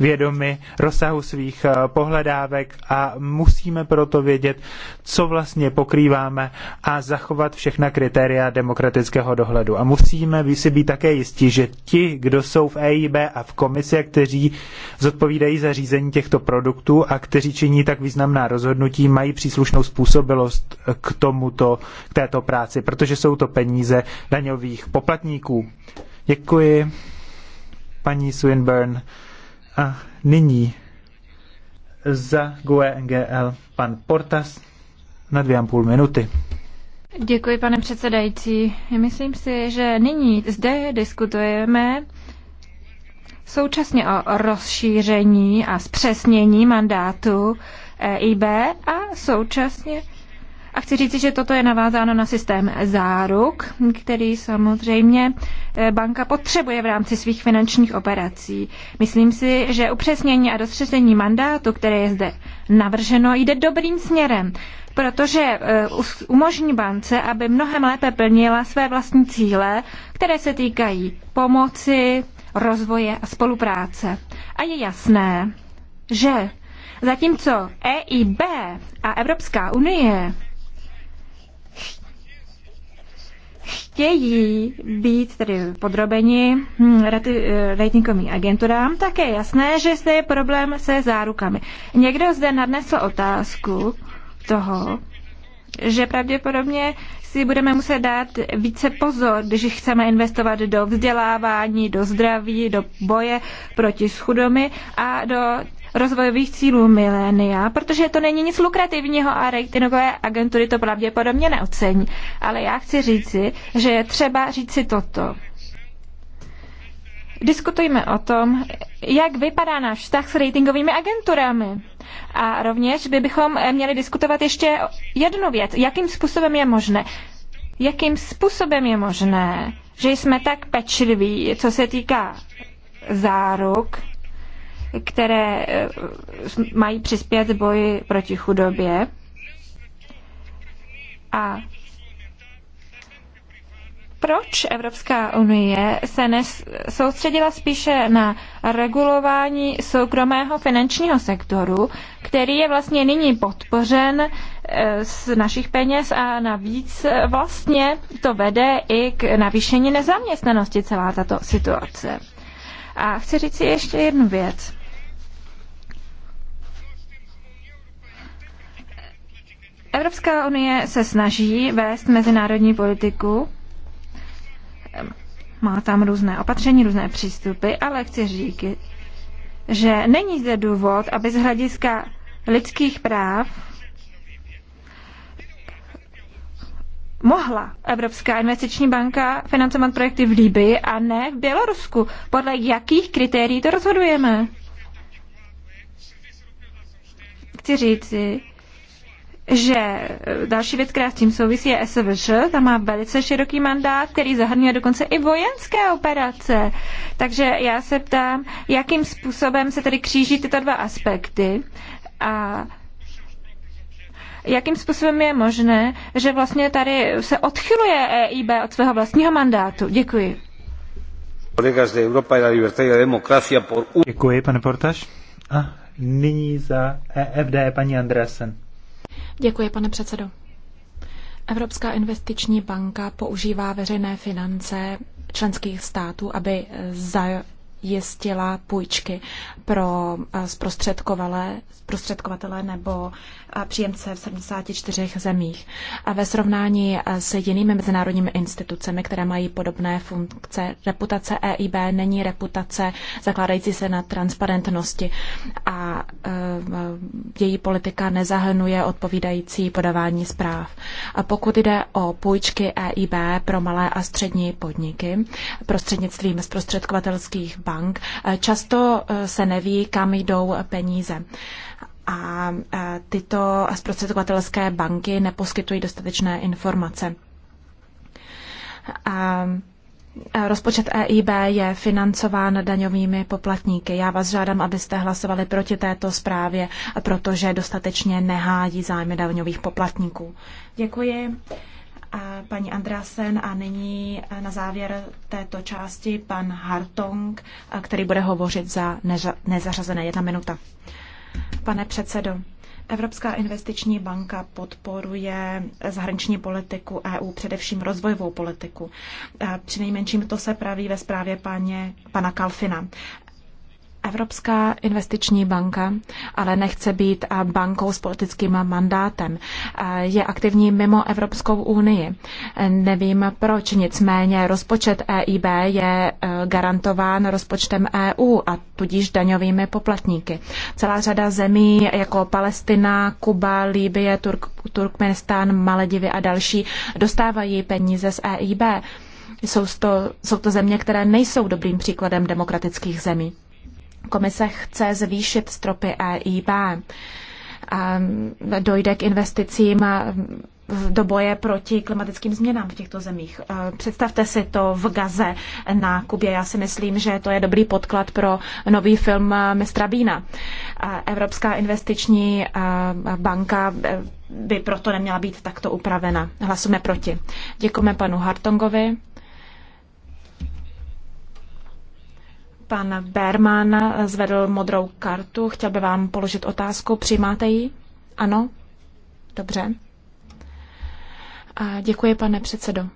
vědomy rozsahu svých eh, pohledávek a musíme proto vědět, co vlastně pokrýváme a zachovat všechna kritéria demokratického dohledu. A musíme si být také jistí, že ti, kdo jsou v EIB a v komisi, kteří zodpovídají za řízení těchto produktů a kteří činí tak významná rozhodnutí, rozhodnutí mají příslušnou způsobilost k tomuto, k této práci, protože jsou to peníze daňových poplatníků. Děkuji, paní Swinburne. A nyní za GUE NGL pan Portas na dvě a půl minuty. Děkuji, pane předsedající. Myslím si, že nyní zde diskutujeme současně o rozšíření a zpřesnění mandátu EIB a současně a chci říct, že toto je navázáno na systém záruk, který samozřejmě e, banka potřebuje v rámci svých finančních operací. Myslím si, že upřesnění a dostřesení mandátu, které je zde navrženo, jde dobrým směrem, protože e, umožní bance, aby mnohem lépe plnila své vlastní cíle, které se týkají pomoci, rozvoje a spolupráce. A je jasné, že Zatímco EIB a Evropská unie chtějí být tedy podrobeni hm, eh, ratingovým agenturám, tak je jasné, že zde je problém se zárukami. Někdo zde nadnesl otázku toho, že pravděpodobně si budeme muset dát více pozor, když chceme investovat do vzdělávání, do zdraví, do boje proti schudomy a do rozvojových cílů milénia, protože to není nic lukrativního a ratingové agentury to pravděpodobně neocení. Ale já chci říci, že je třeba říci toto. Diskutujme o tom, jak vypadá náš vztah s ratingovými agenturami. A rovněž by bychom měli diskutovat ještě jednu věc. Jakým způsobem je možné? Jakým způsobem je možné, že jsme tak pečliví, co se týká záruk které eh, mají přispět boji proti chudobě. A proč Evropská unie se soustředila spíše na regulování soukromého finančního sektoru, který je vlastně nyní podpořen eh, z našich peněz a navíc vlastně to vede i k navýšení nezaměstnanosti celá tato situace. A chci říct si ještě jednu věc. Evropská unie se snaží vést mezinárodní politiku, má tam různé opatření, různé přístupy, ale chci říct, že není zde důvod, aby z hlediska lidských práv mohla Evropská investiční banka financovat projekty v Libii a ne v Bělorusku. Podle jakých kritérií to rozhodujeme? Chci říci, že e, další věc, která s tím souvisí, je SVŠ. ta má velice široký mandát, který zahrnuje dokonce i vojenské operace. Takže já se ptám, jakým způsobem se tedy kříží tyto dva aspekty a jakým způsobem je možné, že vlastně tady se odchyluje EIB od svého vlastního mandátu. Děkuji. Děkuji, pane Portaš. A nyní za EFD paní Andreasen. Děkuji, pane předsedo. Evropská investiční banka používá veřejné finance členských států, aby jistila půjčky pro eh, zprostředkovatele nebo eh, příjemce v 74 zemích. A ve srovnání eh, s jinými mezinárodními institucemi, které mají podobné funkce, reputace EIB není reputace zakládající se na transparentnosti a její politika nezahrnuje odpovídající podávání zpráv. A pokud jde o půjčky EIB pro malé a střední podniky prostřednictvím zprostředkovatelských bank, eh, často eh, se neví, kam jdou peníze. A eh, tyto zprostředkovatelské banky neposkytují dostatečné informace. A Rozpočet EIB je financován daňovými poplatníky. Já vás žádám, abyste hlasovali proti této zprávě, protože dostatečně nehájí zájmy daňových poplatníků. Děkuji paní Andrásen a nyní na závěr této části pan Hartong, který bude hovořit za nezařazené jedna minuta. Pane předsedo, Evropská investiční banka podporuje zahraniční politiku EU, především rozvojovou politiku. Přinejmenším to se praví ve zprávě paně, pana Kalfina. Evropská investiční banka ale nechce být bankou s politickým mandátem. Je aktivní mimo Evropskou unii. Nevím proč, nicméně rozpočet EIB je e, garantován rozpočtem EU a tudíž daňovými poplatníky. Celá řada zemí jako Palestina, Kuba, Líbie, Turk, Turkmenistán, Maledivy a další dostávají peníze z EIB. Jsou to, jsou to země, které nejsou dobrým příkladem demokratických zemí. Komise chce zvýšit stropy EIB. Ehm, dojde k investicím ehm, do boje proti klimatickým změnám v těchto zemích. Ehm, představte si to v Gaze na Kubě. Já si myslím, že to je dobrý podklad pro nový film eh, Mistra Bína. Eh, Evropská investiční banka eh, by proto neměla být takto upravena. Hlasujeme proti. Děkujeme panu Hartongovi. Pan Berman zvedl modrou kartu, chtěl by vám položit otázku. Přijímáte ji? Ano? Dobře. A děkuji, pane předsedo.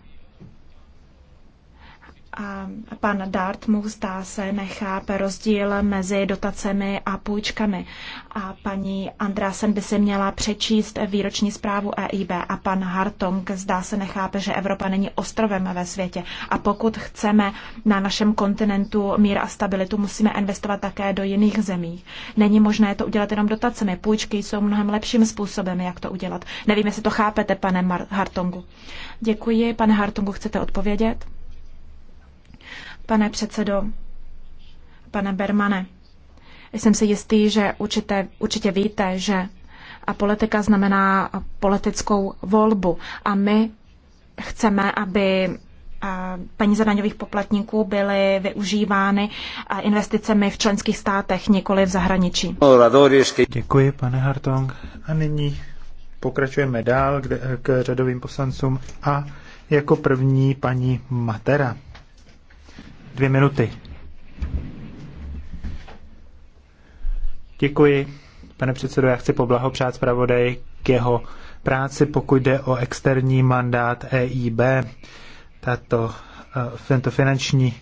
A pan mu zdá se nechápe rozdíl mezi dotacemi a půjčkami. A paní Andrásen by si měla přečíst výroční zprávu EIB a pan Hartong zdá se nechápe, že Evropa není ostrovem ve světě. A pokud chceme na našem kontinentu mír a stabilitu, musíme investovat také do jiných zemí. Není možné to udělat jenom dotacemi. Půjčky jsou mnohem lepším způsobem, jak to udělat. Nevím, jestli to chápete, pane Hartongu. Děkuji. Pane Hartongu, chcete odpovědět? pane předsedo, pane Bermane. Jsem si jistý, že určitě, určitě víte, že a politika znamená politickou volbu. A my chceme, aby peníze daňových poplatníků byly využívány investicemi v členských státech, nikoli v zahraničí. Děkuji, pane Hartong. A nyní pokračujeme dál k, k řadovým poslancům a jako první paní Matera dvě minuty. Děkuji, pane předsedo. Já chci poblahopřát zpravodaj k jeho práci, pokud jde o externí mandát EIB. Tato, eh, tento finanční,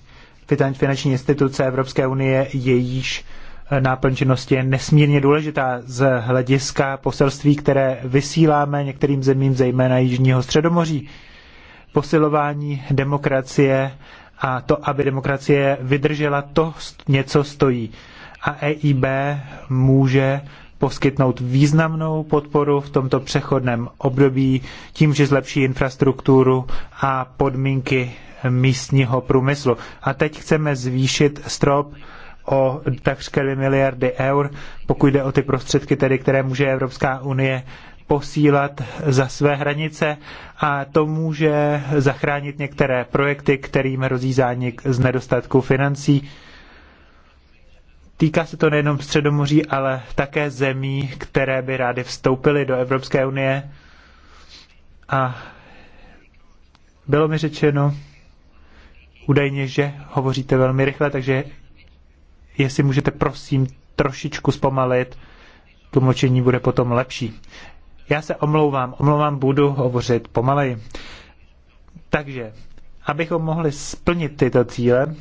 finanční instituce Evropské unie, jejíž eh, náplň činnosti je nesmírně důležitá z hlediska poselství, které vysíláme některým zemím, zejména Jižního středomoří. Posilování demokracie a to, aby demokracie vydržela, to něco stojí. A EIB může poskytnout významnou podporu v tomto přechodném období tím, že zlepší infrastrukturu a podmínky místního průmyslu. A teď chceme zvýšit strop o takřka 2 miliardy eur, pokud jde o ty prostředky, tedy, které může Evropská unie posílat za své hranice a to může zachránit některé projekty, kterým hrozí zánik z nedostatku financí. Týká se to nejenom Středomoří, ale také zemí, které by rády vstoupily do Evropské unie. A bylo mi řečeno údajně, že hovoříte velmi rychle, takže jestli můžete prosím trošičku zpomalit, tlumočení bude potom lepší. Já se omlouvám, omlouvám, budu hovořit pomaleji. Takže, abychom mohli splnit tyto cíle,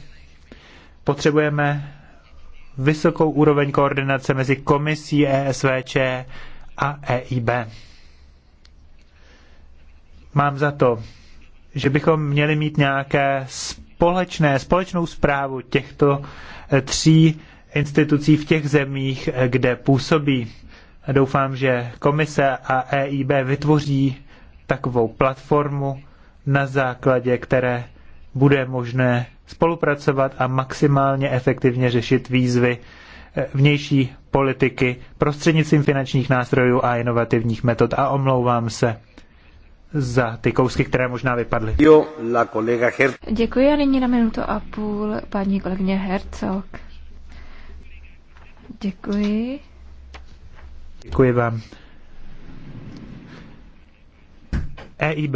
potřebujeme vysokou úroveň koordinace mezi komisí ESVČ a EIB. Mám za to, že bychom měli mít nějaké společné, společnou zprávu těchto tří institucí v těch zemích, kde působí. Doufám, že komise a EIB vytvoří takovou platformu, na základě které bude možné spolupracovat a maximálně efektivně řešit výzvy eh, vnější politiky prostřednictvím finančních nástrojů a inovativních metod. A omlouvám se za ty kousky, které možná vypadly. Děkuji a nyní na minutu a půl paní kolegyně Hercog. Děkuji. Děkuji vám. EIB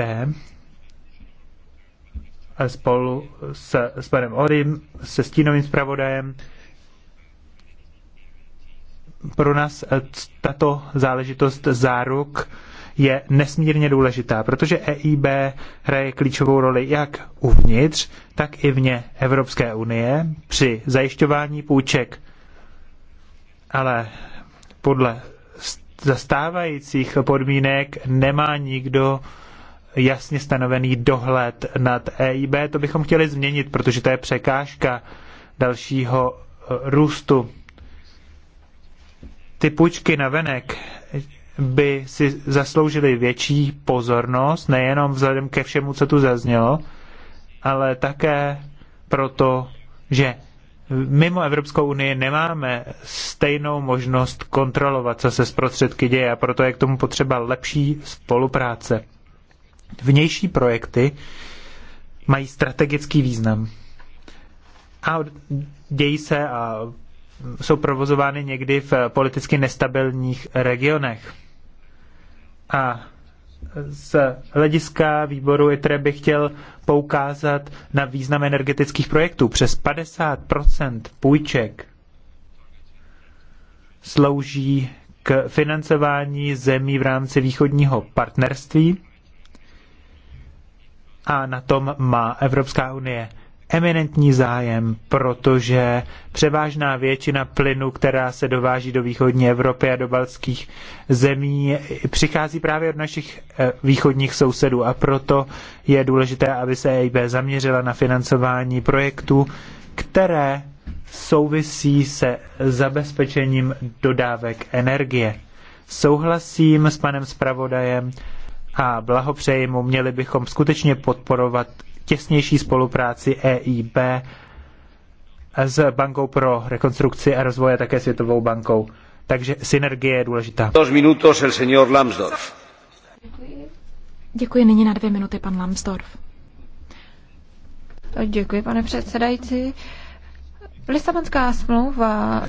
spolu s, s panem Orym, se stínovým zpravodajem. Pro nás eh, tato záležitost záruk je nesmírně důležitá, protože EIB hraje klíčovou roli jak uvnitř, tak i vně Evropské unie při zajišťování půjček. Ale podle zastávajících podmínek nemá nikdo jasně stanovený dohled nad EIB. To bychom chtěli změnit, protože to je překážka dalšího eh, růstu. Ty půjčky na venek by si zasloužily větší pozornost, nejenom vzhledem ke všemu, co tu zaznělo, ale také proto, že mimo Evropskou unii nemáme stejnou možnost kontrolovat, co se s prostředky děje a proto je k tomu potřeba lepší spolupráce. Vnější projekty mají strategický význam. A dějí se a jsou provozovány někdy v politicky nestabilních regionech. A z hlediska výboru ITRE bych chtěl poukázat na význam energetických projektů. Přes 50 půjček slouží k financování zemí v rámci východního partnerství a na tom má Evropská unie eminentní zájem, protože převážná většina plynu, která se dováží do východní Evropy a do baltských zemí, přichází právě od našich eh, východních sousedů a proto je důležité, aby se EIB zaměřila na financování projektů, které souvisí se zabezpečením dodávek energie. Souhlasím s panem zpravodajem a blahopřeji mu, měli bychom skutečně podporovat těsnější spolupráci EIB s Bankou pro rekonstrukci a rozvoj a také Světovou bankou. Takže synergie je důležitá. Dos minutos el señor Lambsdorff. Děkuji. Děkuji nyní na dvě minuty pan Lambsdorff. Děkuji, pane předsedající. Lisabonská smlouva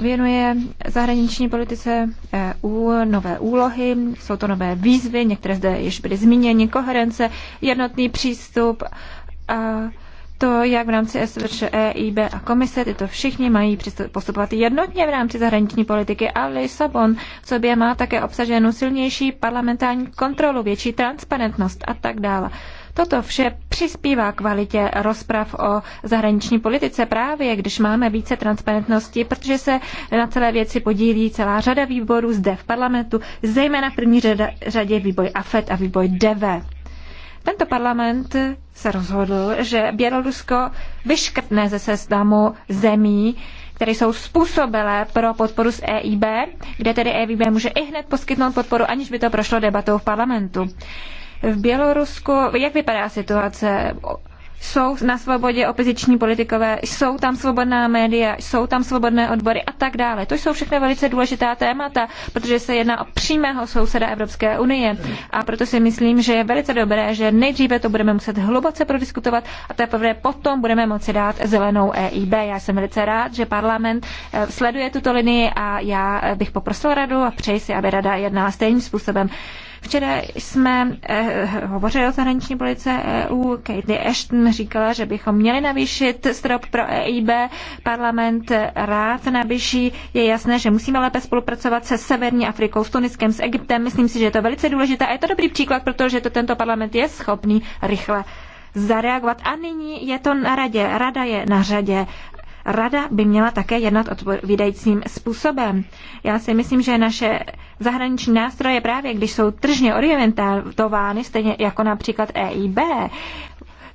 věnuje zahraniční politice EU nové úlohy, jsou to nové výzvy, některé zde již byly zmíněny, koherence, jednotný přístup a to, jak v rámci SVČ, EIB a komise, tyto všichni mají postupovat jednotně v rámci zahraniční politiky a Lisabon v sobě má také obsaženou silnější parlamentární kontrolu, větší transparentnost a tak dále. Toto vše přispívá kvalitě rozprav o zahraniční politice právě, když máme více transparentnosti, protože se na celé věci podílí celá řada výborů zde v parlamentu, zejména v první řadě výboj AFET a výboj DV. Tento parlament se rozhodl, že Bělorusko vyškrtne ze seznamu zemí, které jsou způsobilé pro podporu z EIB, kde tedy EIB může i hned poskytnout podporu, aniž by to prošlo debatou v parlamentu v Bělorusku. Jak vypadá situace? Jsou na svobodě opoziční politikové, jsou tam svobodná média, jsou tam svobodné odbory a tak dále. To jsou všechno velice důležitá témata, protože se jedná o přímého souseda Evropské unie. A proto si myslím, že je velice dobré, že nejdříve to budeme muset hluboce prodiskutovat a teprve potom budeme moci dát zelenou EIB. Já jsem velice rád, že parlament eh, sleduje tuto linii a já eh, bych poprosil radu a přeji si, aby rada jednala stejným způsobem. Včera jsme eh, hovořili o zahraniční politice EU. Katie Ashton říkala, že bychom měli navýšit strop pro EIB. Parlament rád navýší. Je jasné, že musíme lépe spolupracovat se Severní Afrikou, s Tuniskem, s Egyptem. Myslím si, že je to velice důležité a je to dobrý příklad, protože to tento parlament je schopný rychle zareagovat. A nyní je to na radě. Rada je na řadě. Rada by měla také jednat odpovídajícím způsobem. Já si myslím, že naše zahraniční nástroje právě, když jsou tržně orientovány, stejně jako například EIB,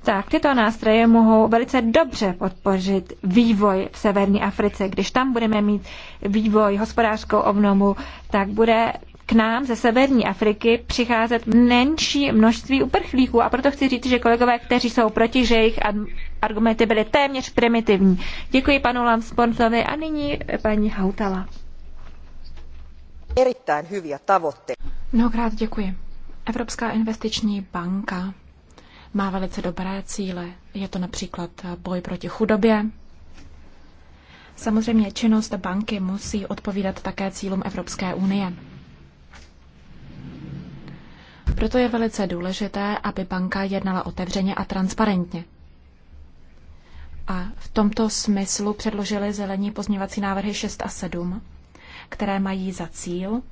tak tyto nástroje mohou velice dobře podpořit vývoj v severní Africe. Když tam budeme mít vývoj, hospodářskou obnovu, tak bude k nám ze severní Afriky přicházet menší množství uprchlíků. A proto chci říct, že kolegové, kteří jsou proti, že jejich argumenty byly téměř primitivní. Děkuji panu Lamsponsovi a nyní paní Hautala. Erittäin hyviä tavoitteita. Mnohokrát děkuji. Evropská investiční banka má velice dobré cíle. Je to například boj proti chudobě. Samozřejmě činnost banky musí odpovídat také cílům Evropské unie. Proto je velice důležité, aby banka jednala otevřeně a transparentně. A v tomto smyslu předložili zelení pozměňovací návrhy 6 a 7, které mají za cíl,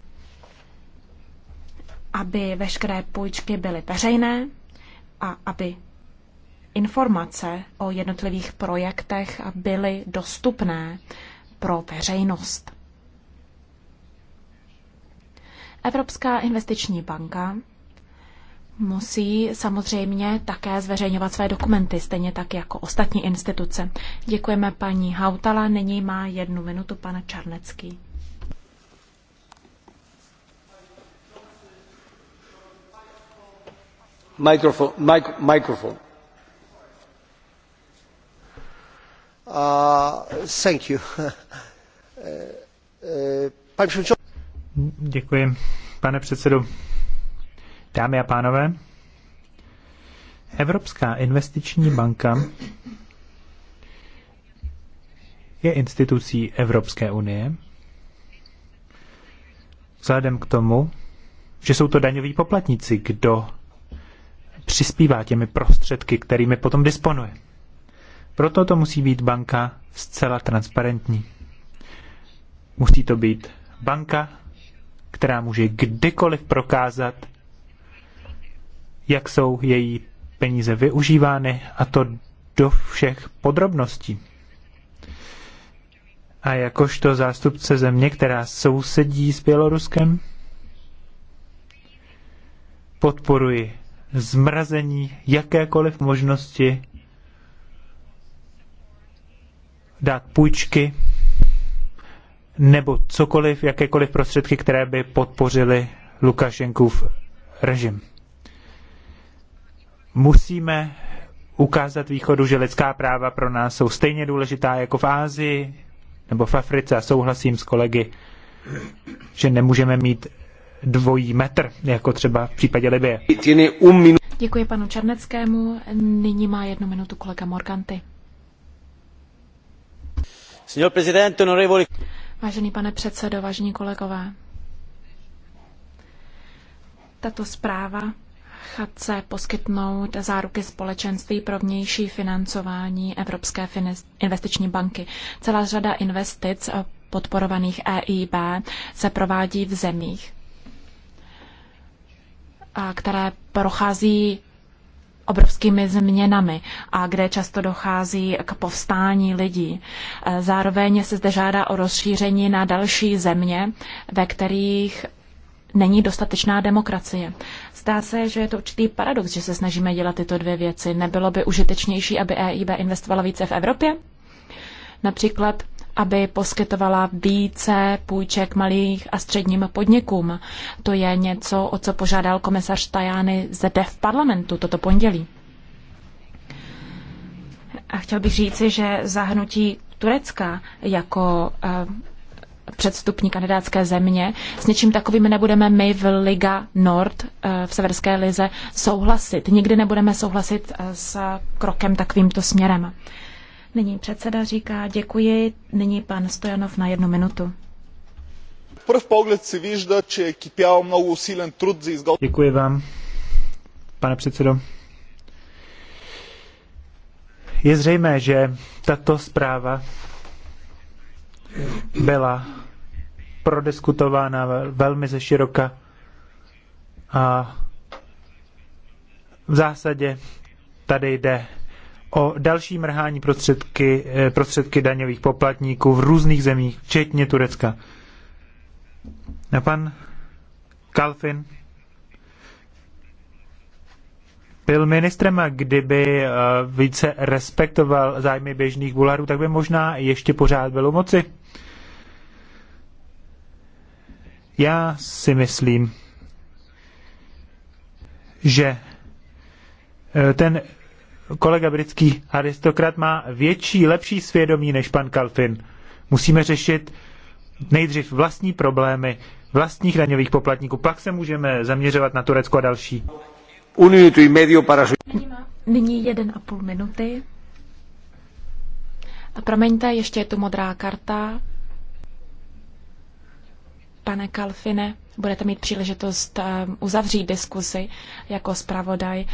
aby veškeré půjčky byly veřejné a aby informace o jednotlivých projektech byly dostupné pro veřejnost. Evropská investiční banka musí samozřejmě také zveřejňovat své dokumenty, stejně tak jako ostatní instituce. Děkujeme paní Hautala, nyní má jednu minutu pana Čarnecký. Mikrofon, mik, mikrofon. Uh, thank you. [laughs] uh, uh, pan... Děkuji, pane předsedo. Dámy a pánové, Evropská investiční banka je institucí Evropské unie. Vzhledem k tomu, že jsou to daňoví poplatníci, kdo přispívá těmi prostředky, kterými potom disponuje. Proto to musí být banka zcela transparentní. Musí to být banka, která může kdykoliv prokázat, jak jsou její peníze využívány a to do všech podrobností. A jakožto zástupce země, která sousedí s Běloruskem, podporuji zmrazení jakékoliv možnosti dát půjčky nebo cokoliv, jakékoliv prostředky, které by podpořily Lukašenkův režim musíme ukázat východu, že lidská práva pro nás jsou stejně důležitá jako v Ázii nebo v Africe. A souhlasím s kolegy, že nemůžeme mít dvojí metr, jako třeba v případě Libie. Děkuji panu Černeckému. Nyní má jednu minutu kolega Morganti. Vážený pane předsedo, vážení kolegové, tato zpráva chce poskytnout záruky společenství pro vnější financování Evropské investiční banky. Celá řada investic eh, podporovaných EIB se provádí v zemích, eh, které prochází obrovskými změnami a kde často dochází k povstání lidí. Eh, zároveň se zde žádá o rozšíření na další země, ve kterých není dostatečná demokracie. Zdá se, že je to určitý paradox, že se snažíme dělat tyto dvě věci. Nebylo by užitečnější, aby EIB investovala více v Evropě? Například, aby poskytovala více půjček malých a středním podnikům. To je něco, o co požádal komisař Tajány zde v parlamentu toto pondělí. A chtěl bych říci, že zahnutí Turecka jako eh, předstupní kandidátské země. S něčím takovým nebudeme my v Liga Nord eh, v Severské lize souhlasit. Nikdy nebudeme souhlasit eh, s krokem takovýmto směrem. Nyní předseda říká děkuji, nyní pan Stojanov na jednu minutu. Prv pohled si víš, že kipěl mnoho usilen trud Děkuji vám, pane předsedo. Je zřejmé, že tato zpráva byla prodiskutována velmi ze široka a v zásadě tady jde o další mrhání prostředky, eh, prostředky daňových poplatníků v různých zemích, včetně Turecka. A pan Kalfin byl ministrem a kdyby eh, více respektoval zájmy běžných Bulharů, tak by možná ještě pořád byl u moci. Já si myslím, že eh, ten kolega britský aristokrat má větší, lepší svědomí než pan Kalfin. Musíme řešit nejdřív vlastní problémy vlastních daňových poplatníků, pak se můžeme zaměřovat na Turecko a další. Nyní jeden a půl minuty. A promiňte, ještě je tu modrá karta. Pane Kalfine, budete mít příležitost eh, uzavřít diskusi jako zpravodaj,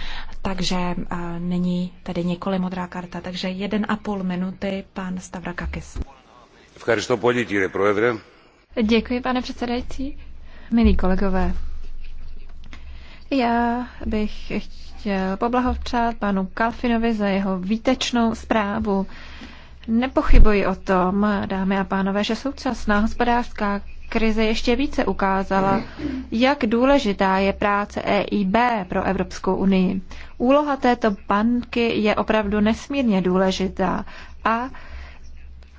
takže eh, není tady nikoli modrá karta, takže jeden a půl minuty, pan Stavrakakis. Děkuji, pane předsedající. Milí kolegové, já bych chtěl poblahopřát panu Kalfinovi za jeho výtečnou zprávu. Nepochybuji o tom, dámy a pánové, že současná hospodářská krize ještě více ukázala, jak důležitá je práce EIB pro Evropskou unii. Úloha této banky je opravdu nesmírně důležitá a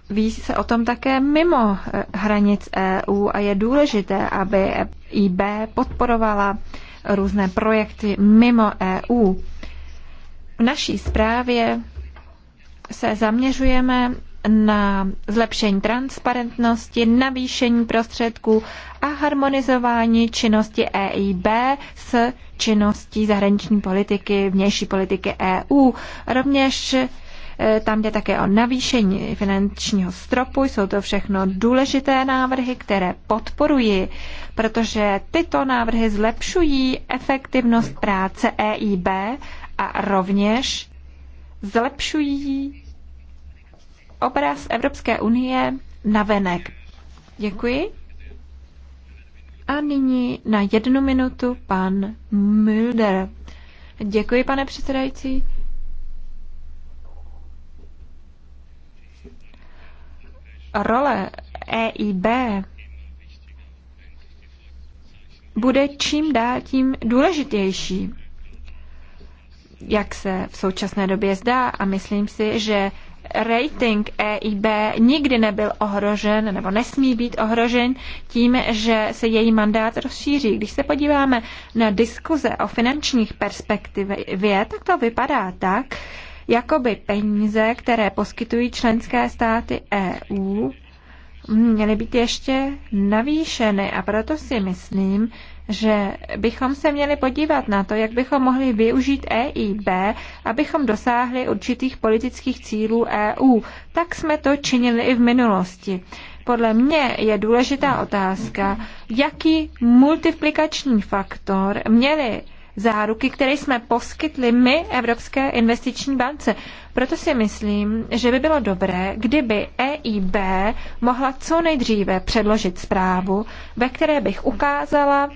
ví se o tom také mimo eh, hranic EU a je důležité, aby EIB podporovala různé projekty mimo EU. V naší zprávě se zaměřujeme na zlepšení transparentnosti, navýšení prostředků a harmonizování činnosti EIB s činností zahraniční politiky, vnější politiky EU. Rovněž tam jde také o navýšení finančního stropu. Jsou to všechno důležité návrhy, které podporuji, protože tyto návrhy zlepšují efektivnost práce EIB a rovněž zlepšují obraz Evropské unie na venek. Děkuji. A nyní na jednu minutu pan Mulder. Děkuji, pane předsedající. role EIB bude čím dál tím důležitější, jak se v současné době zdá. A myslím si, že rating EIB nikdy nebyl ohrožen nebo nesmí být ohrožen tím, že se její mandát rozšíří. Když se podíváme na diskuze o finančních perspektivě, tak to vypadá tak, jakoby peníze, které poskytují členské státy EU, měly být ještě navýšeny a proto si myslím, že bychom se měli podívat na to, jak bychom mohli využít EIB, abychom dosáhli určitých politických cílů EU. Tak jsme to činili i v minulosti. Podle mě je důležitá otázka, jaký multiplikační faktor měli záruky, které jsme poskytli my Evropské investiční bance. Proto si myslím, že by bylo dobré, kdyby EIB mohla co nejdříve předložit zprávu, ve které bych ukázala,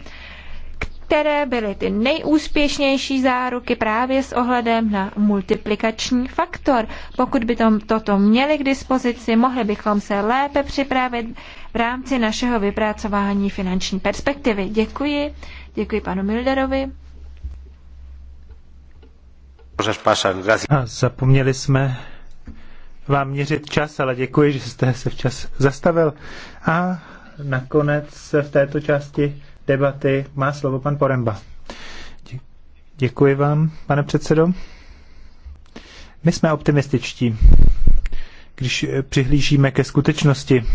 které byly ty nejúspěšnější záruky právě s ohledem na multiplikační faktor. Pokud by tom, toto měli k dispozici, mohli bychom se lépe připravit v rámci našeho vypracování finanční perspektivy. Děkuji. Děkuji panu Milderovi. A zapomněli jsme vám měřit čas, ale děkuji, že jste se včas zastavil. A nakonec v této části debaty má slovo pan Poremba. Děkuji vám, pane předsedo. My jsme optimističtí, když přihlížíme ke skutečnosti,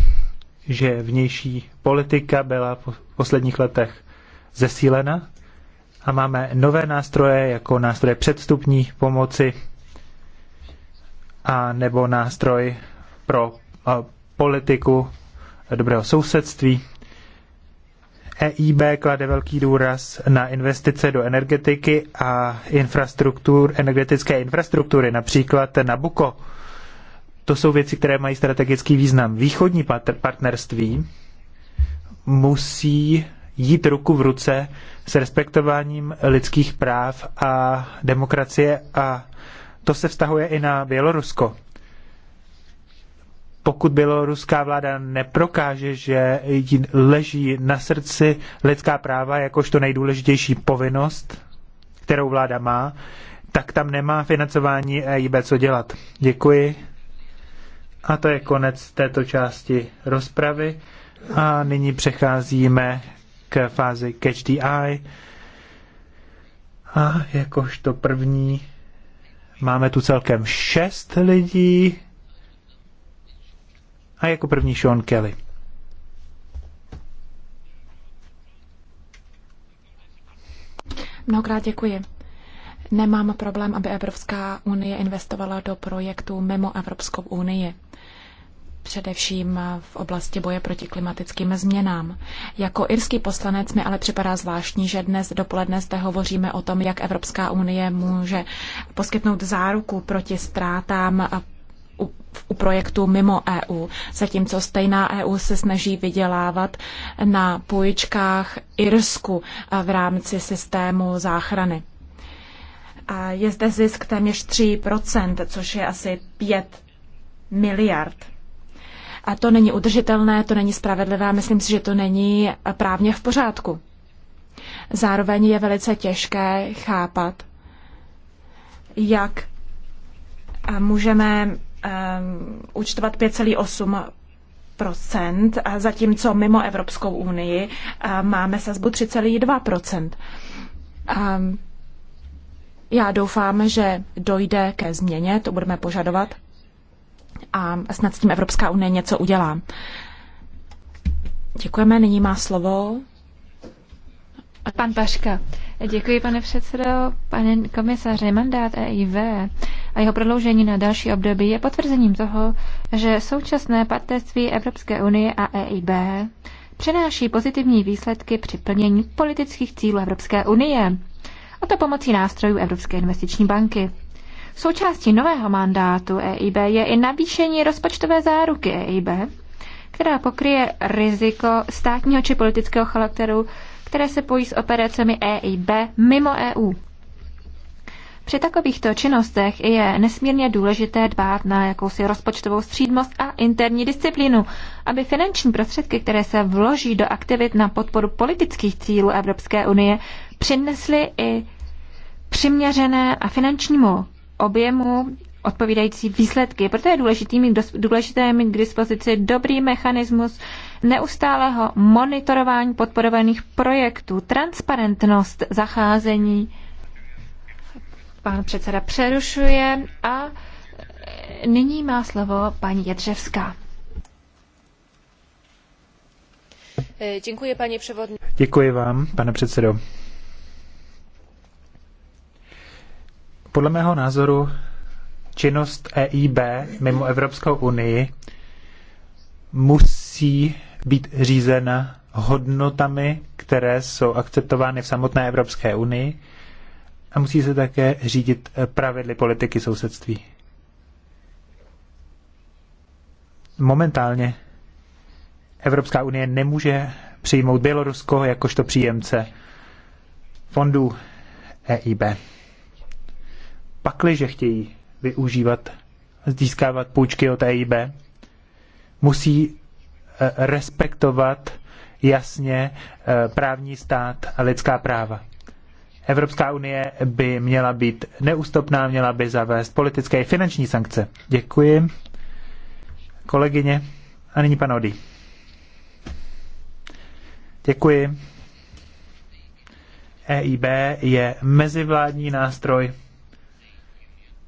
že vnější politika byla v posledních letech zesílena a máme nové nástroje, jako nástroje předstupní pomoci a nebo nástroj pro politiku dobrého sousedství. EIB klade velký důraz na investice do energetiky a infrastruktur, energetické infrastruktury, například na Buko. To jsou věci, které mají strategický význam. Východní partnerství musí jít ruku v ruce s respektováním lidských práv a demokracie a to se vztahuje i na Bělorusko. Pokud běloruská vláda neprokáže, že jí leží na srdci lidská práva jakožto nejdůležitější povinnost, kterou vláda má, tak tam nemá financování EIB co dělat. Děkuji. A to je konec této části rozpravy. A nyní přecházíme k fázi Catch the Eye. A jakožto první máme tu celkem šest lidí. A jako první Sean Kelly. Mnohokrát děkuji. Nemám problém, aby Evropská unie investovala do projektu mimo Evropskou unii především v oblasti boje proti klimatickým změnám. Jako irský poslanec mi ale připadá zvláštní, že dnes dopoledne zde hovoříme o tom, jak Evropská unie může poskytnout záruku proti ztrátám u, u projektu mimo EU, zatímco stejná EU se snaží vydělávat na půjčkách Irsku v rámci systému záchrany. A je zde zisk téměř 3%, což je asi 5 miliard. A to není udržitelné, to není spravedlivé, myslím si, že to není právně v pořádku. Zároveň je velice těžké chápat, jak eh, můžeme um, účtovat 5,8 eh, zatímco mimo Evropskou unii máme sazbu 3,2 Já doufám, že dojde ke změně, to budeme požadovat a snad s tím Evropská unie něco udělá. Děkujeme, nyní má slovo. Pan Paška. Děkuji, pane předsedo. Pane komisaře, mandát EIV a jeho prodloužení na další období je potvrzením toho, že současné partnerství Evropské unie a EIB přináší pozitivní výsledky při plnění politických cílů Evropské unie, a to pomocí nástrojů Evropské investiční banky. Součástí nového mandátu EIB je i navýšení rozpočtové záruky EIB, která pokryje riziko státního či politického charakteru, které se pojí s operacemi EIB mimo EU. Při takovýchto činnostech je nesmírně důležité dbát na jakousi rozpočtovou střídmost a interní disciplínu, aby finanční prostředky, které se vloží do aktivit na podporu politických cílů Evropské unie, přinesly i přiměřené a finančnímu objemu odpovídající výsledky. Proto je důležité mít, důležité mít k dispozici dobrý mechanismus neustálého monitorování podporovaných projektů, transparentnost zacházení. Pan předseda přerušuje a e, nyní má slovo paní Jedřevská. E, děkuji, paní převodní. Děkuji vám, pane předsedo. Podle mého názoru činnost EIB mimo Evropskou unii musí být řízena hodnotami, které jsou akceptovány v samotné Evropské unii a musí se také řídit pravidly politiky sousedství. Momentálně Evropská unie nemůže přijmout Bělorusko jakožto příjemce fondů EIB pakliže chtějí využívat, získávat půjčky od EIB, musí eh, respektovat jasně eh, právní stát a lidská práva. Evropská unie by měla být neústupná, měla by zavést politické i finanční sankce. Děkuji. Kolegyně. A nyní pan Odi. Děkuji. EIB je mezivládní nástroj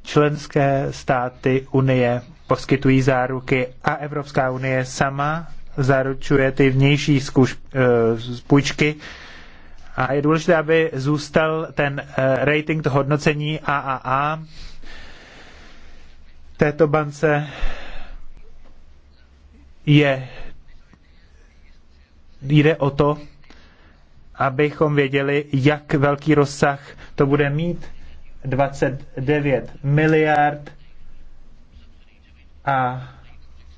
členské státy Unie poskytují záruky a Evropská unie sama zaručuje ty vnější zkuš, eh, půjčky. A je důležité, aby zůstal ten eh, rating, to hodnocení AAA této bance je jde o to, abychom věděli, jak velký rozsah to bude mít 29 miliard a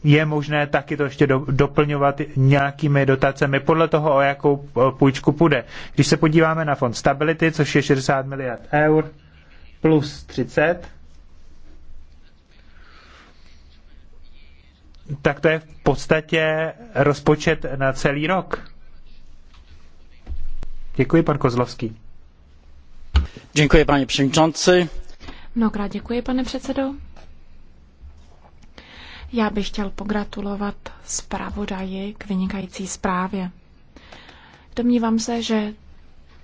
je možné taky to ještě do, doplňovat nějakými dotacemi podle toho, o jakou půjčku půjde. Když se podíváme na fond stability, což je 60 miliard eur plus 30, tak to je v podstatě rozpočet na celý rok. Děkuji, pan Kozlovský. Děkuji, pane předsedající. Mnohokrát děkuji, pane předsedo. Já bych chtěl pogratulovat zpravodaji k vynikající zprávě. Domnívám se, že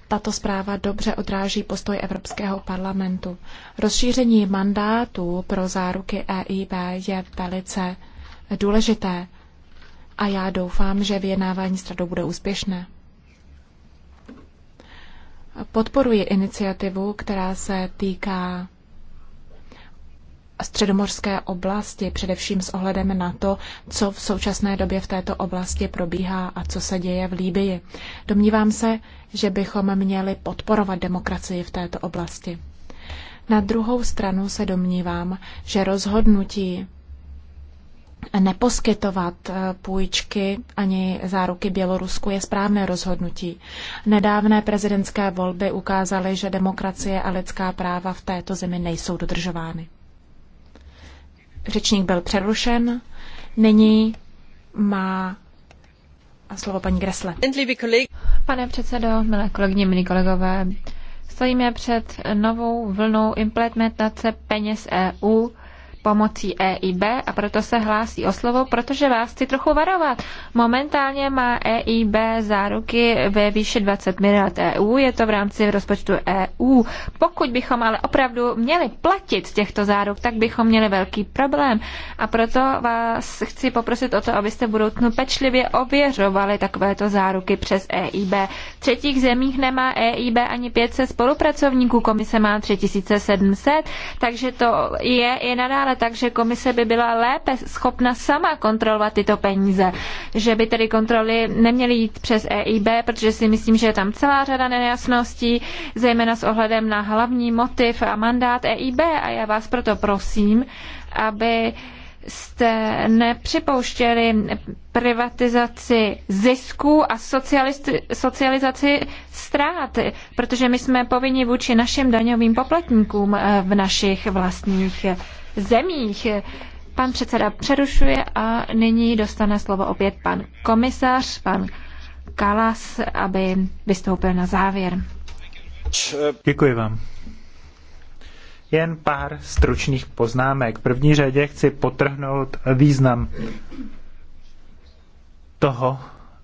tato zpráva dobře odráží postoj Evropského parlamentu. Rozšíření mandátu pro záruky EIB je velice důležité a já doufám, že vyjednávání s radou bude úspěšné. Podporuji iniciativu, která se týká středomorské oblasti, především s ohledem na to, co v současné době v této oblasti probíhá a co se děje v Líbii. Domnívám se, že bychom měli podporovat demokracii v této oblasti. Na druhou stranu se domnívám, že rozhodnutí neposkytovat eh, půjčky ani záruky Bělorusku je správné rozhodnutí. Nedávné prezidentské volby ukázaly, že demokracie a lidská práva v této zemi nejsou dodržovány. Řečník byl přerušen. Nyní má a slovo paní Gresle. Pane předsedo, milé kolegyně, milí kolegové, stojíme před novou vlnou implementace peněz EU pomocí EIB a proto se hlásí o slovo, protože vás chci trochu varovat. Momentálně má EIB záruky ve výši 20 miliard EU, je to v rámci rozpočtu EU. Pokud bychom ale opravdu měli platit z těchto záruk, tak bychom měli velký problém. A proto vás chci poprosit o to, abyste v budoucnu pečlivě ověřovali takovéto záruky přes EIB. V třetích zemích nemá EIB ani 500 spolupracovníků, komise má 3700, takže to je i nadále takže komise by byla lépe schopna sama kontrolovat tyto peníze. Že by tedy kontroly neměly jít přes EIB, protože si myslím, že je tam celá řada nejasností, zejména s ohledem na hlavní motiv a mandát EIB. A já vás proto prosím, aby jste nepřipouštěli privatizaci zisků a socializaci ztrát, protože my jsme povinni vůči našim daňovým poplatníkům eh, v našich vlastních zemích. Pan předseda přerušuje a nyní dostane slovo opět pan komisař, pan Kalas, aby vystoupil na závěr. Děkuji vám. Jen pár stručných poznámek. V první řadě chci potrhnout význam toho,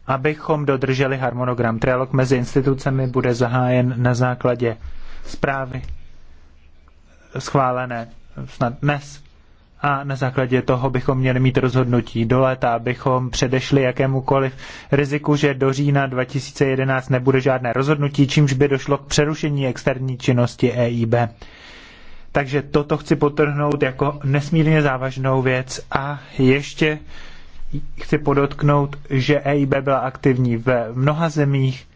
abychom dodrželi harmonogram. Trialog mezi institucemi bude zahájen na základě zprávy schválené snad dnes. A na základě toho bychom měli mít rozhodnutí do léta, abychom předešli jakémukoliv riziku, že do října 2011 nebude žádné rozhodnutí, čímž by došlo k přerušení externí činnosti EIB. Takže toto chci potrhnout jako nesmírně závažnou věc a ještě chci podotknout, že EIB byla aktivní v mnoha zemích,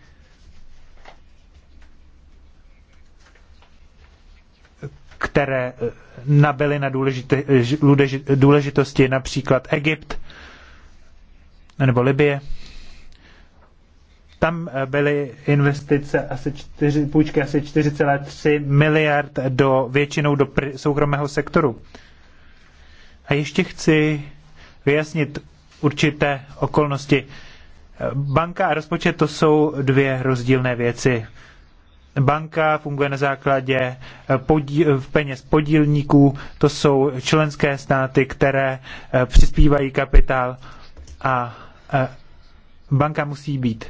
které eh, nabyly na eh, důležitosti, například Egypt nebo Libie. Tam eh, byly investice asi čtyři, půjčky asi 4,3 miliard do většinou do soukromého sektoru. A ještě chci vyjasnit určité okolnosti. Banka a rozpočet to jsou dvě rozdílné věci banka funguje na základě eh, podíl, eh, peněz podílníků, to jsou členské státy, které eh, přispívají kapitál a banka musí být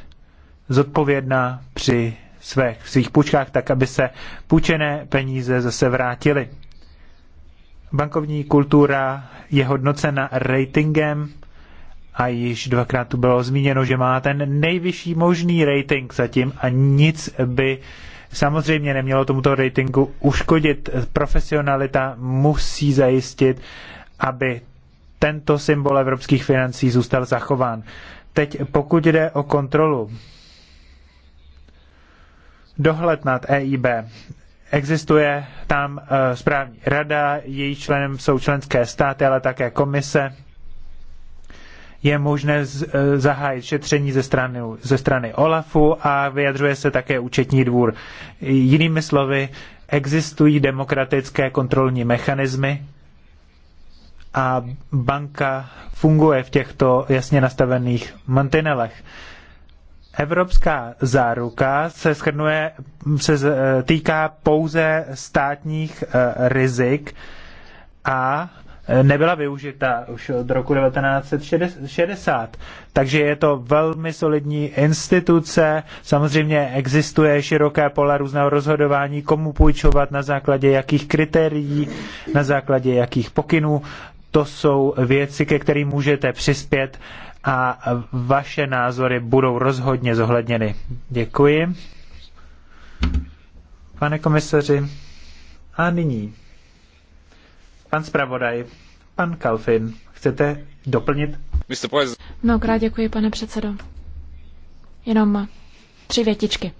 zodpovědná při svých, svých půjčkách, tak aby se půjčené peníze zase vrátily. Bankovní kultura je hodnocena ratingem a již dvakrát tu bylo zmíněno, že má ten nejvyšší možný rating zatím a nic by Samozřejmě nemělo tomuto ratingu uškodit. Profesionalita musí zajistit, aby tento symbol evropských financí zůstal zachován. Teď pokud jde o kontrolu, dohled nad EIB, existuje tam eh, správní rada, její členem jsou členské státy, ale také komise je možné eh, zahájit šetření ze strany, ze strany OLAFu a vyjadřuje se také účetní dvůr. Jinými slovy, existují demokratické kontrolní mechanismy a banka funguje v těchto jasně nastavených mantinelech. Evropská záruka se schrnuje, se eh, týká pouze státních eh, rizik a nebyla využita už od roku 1960. Takže je to velmi solidní instituce. Samozřejmě existuje široké pole různého rozhodování, komu půjčovat, na základě jakých kritérií, na základě jakých pokynů. To jsou věci, ke kterým můžete přispět a vaše názory budou rozhodně zohledněny. Děkuji. Pane komisaři, a nyní Pan zpravodaj, pan Kalfin, chcete doplnit? Mnohokrát děkuji, pane předsedo. Jenom tři větičky.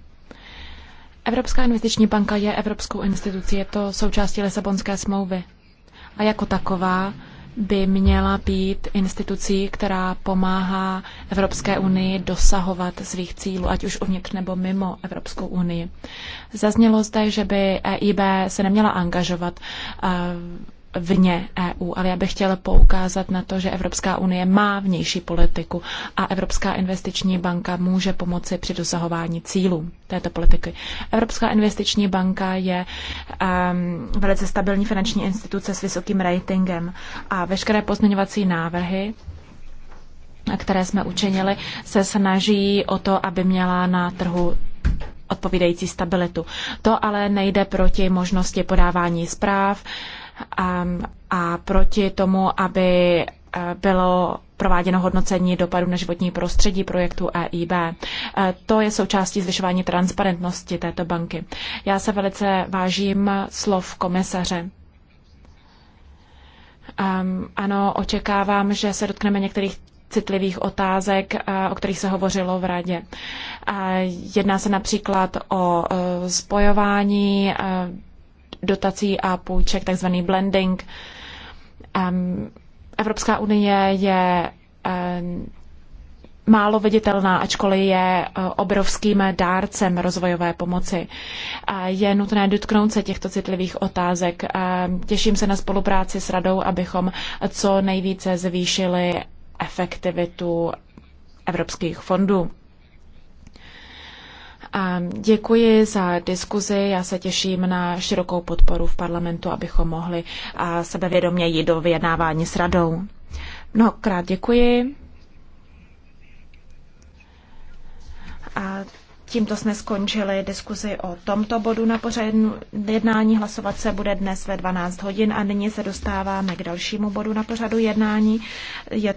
Evropská investiční banka je evropskou institucí, je to součástí Lisabonské smlouvy. A jako taková by měla být institucí, která pomáhá Evropské unii dosahovat svých cílů, ať už uvnitř nebo mimo Evropskou unii. Zaznělo zde, že by EIB se neměla angažovat eh, vně EU, ale já bych chtěla poukázat na to, že Evropská unie má vnější politiku a Evropská investiční banka může pomoci při dosahování cílů této politiky. Evropská investiční banka je um, velice stabilní finanční instituce s vysokým ratingem a veškeré pozměňovací návrhy které jsme učinili, se snaží o to, aby měla na trhu odpovídající stabilitu. To ale nejde proti možnosti podávání zpráv, a proti tomu, aby eh, bylo prováděno hodnocení dopadu na životní prostředí projektu EIB. Eh, to je součástí zvyšování transparentnosti této banky. Já se velice vážím slov komisaře. Um, ano, očekávám, že se dotkneme některých citlivých otázek, eh, o kterých se hovořilo v radě. Jedná se například o spojování dotací a půjček, takzvaný blending. Evropská unie je málo viditelná, ačkoliv je eh, obrovským dárcem rozvojové pomoci. Je nutné dotknout se těchto citlivých otázek. Těším se na spolupráci s radou, abychom co nejvíce zvýšili efektivitu evropských fondů. Děkuji za diskuzi. Já se těším na širokou podporu v parlamentu, abychom mohli sebevědomě jít do vyjednávání s radou. Mnohokrát děkuji. A tímto jsme skončili diskuzi o tomto bodu na pořadu jednání. Hlasovat se bude dnes ve 12 hodin a nyní se dostáváme k dalšímu bodu na pořadu jednání. Je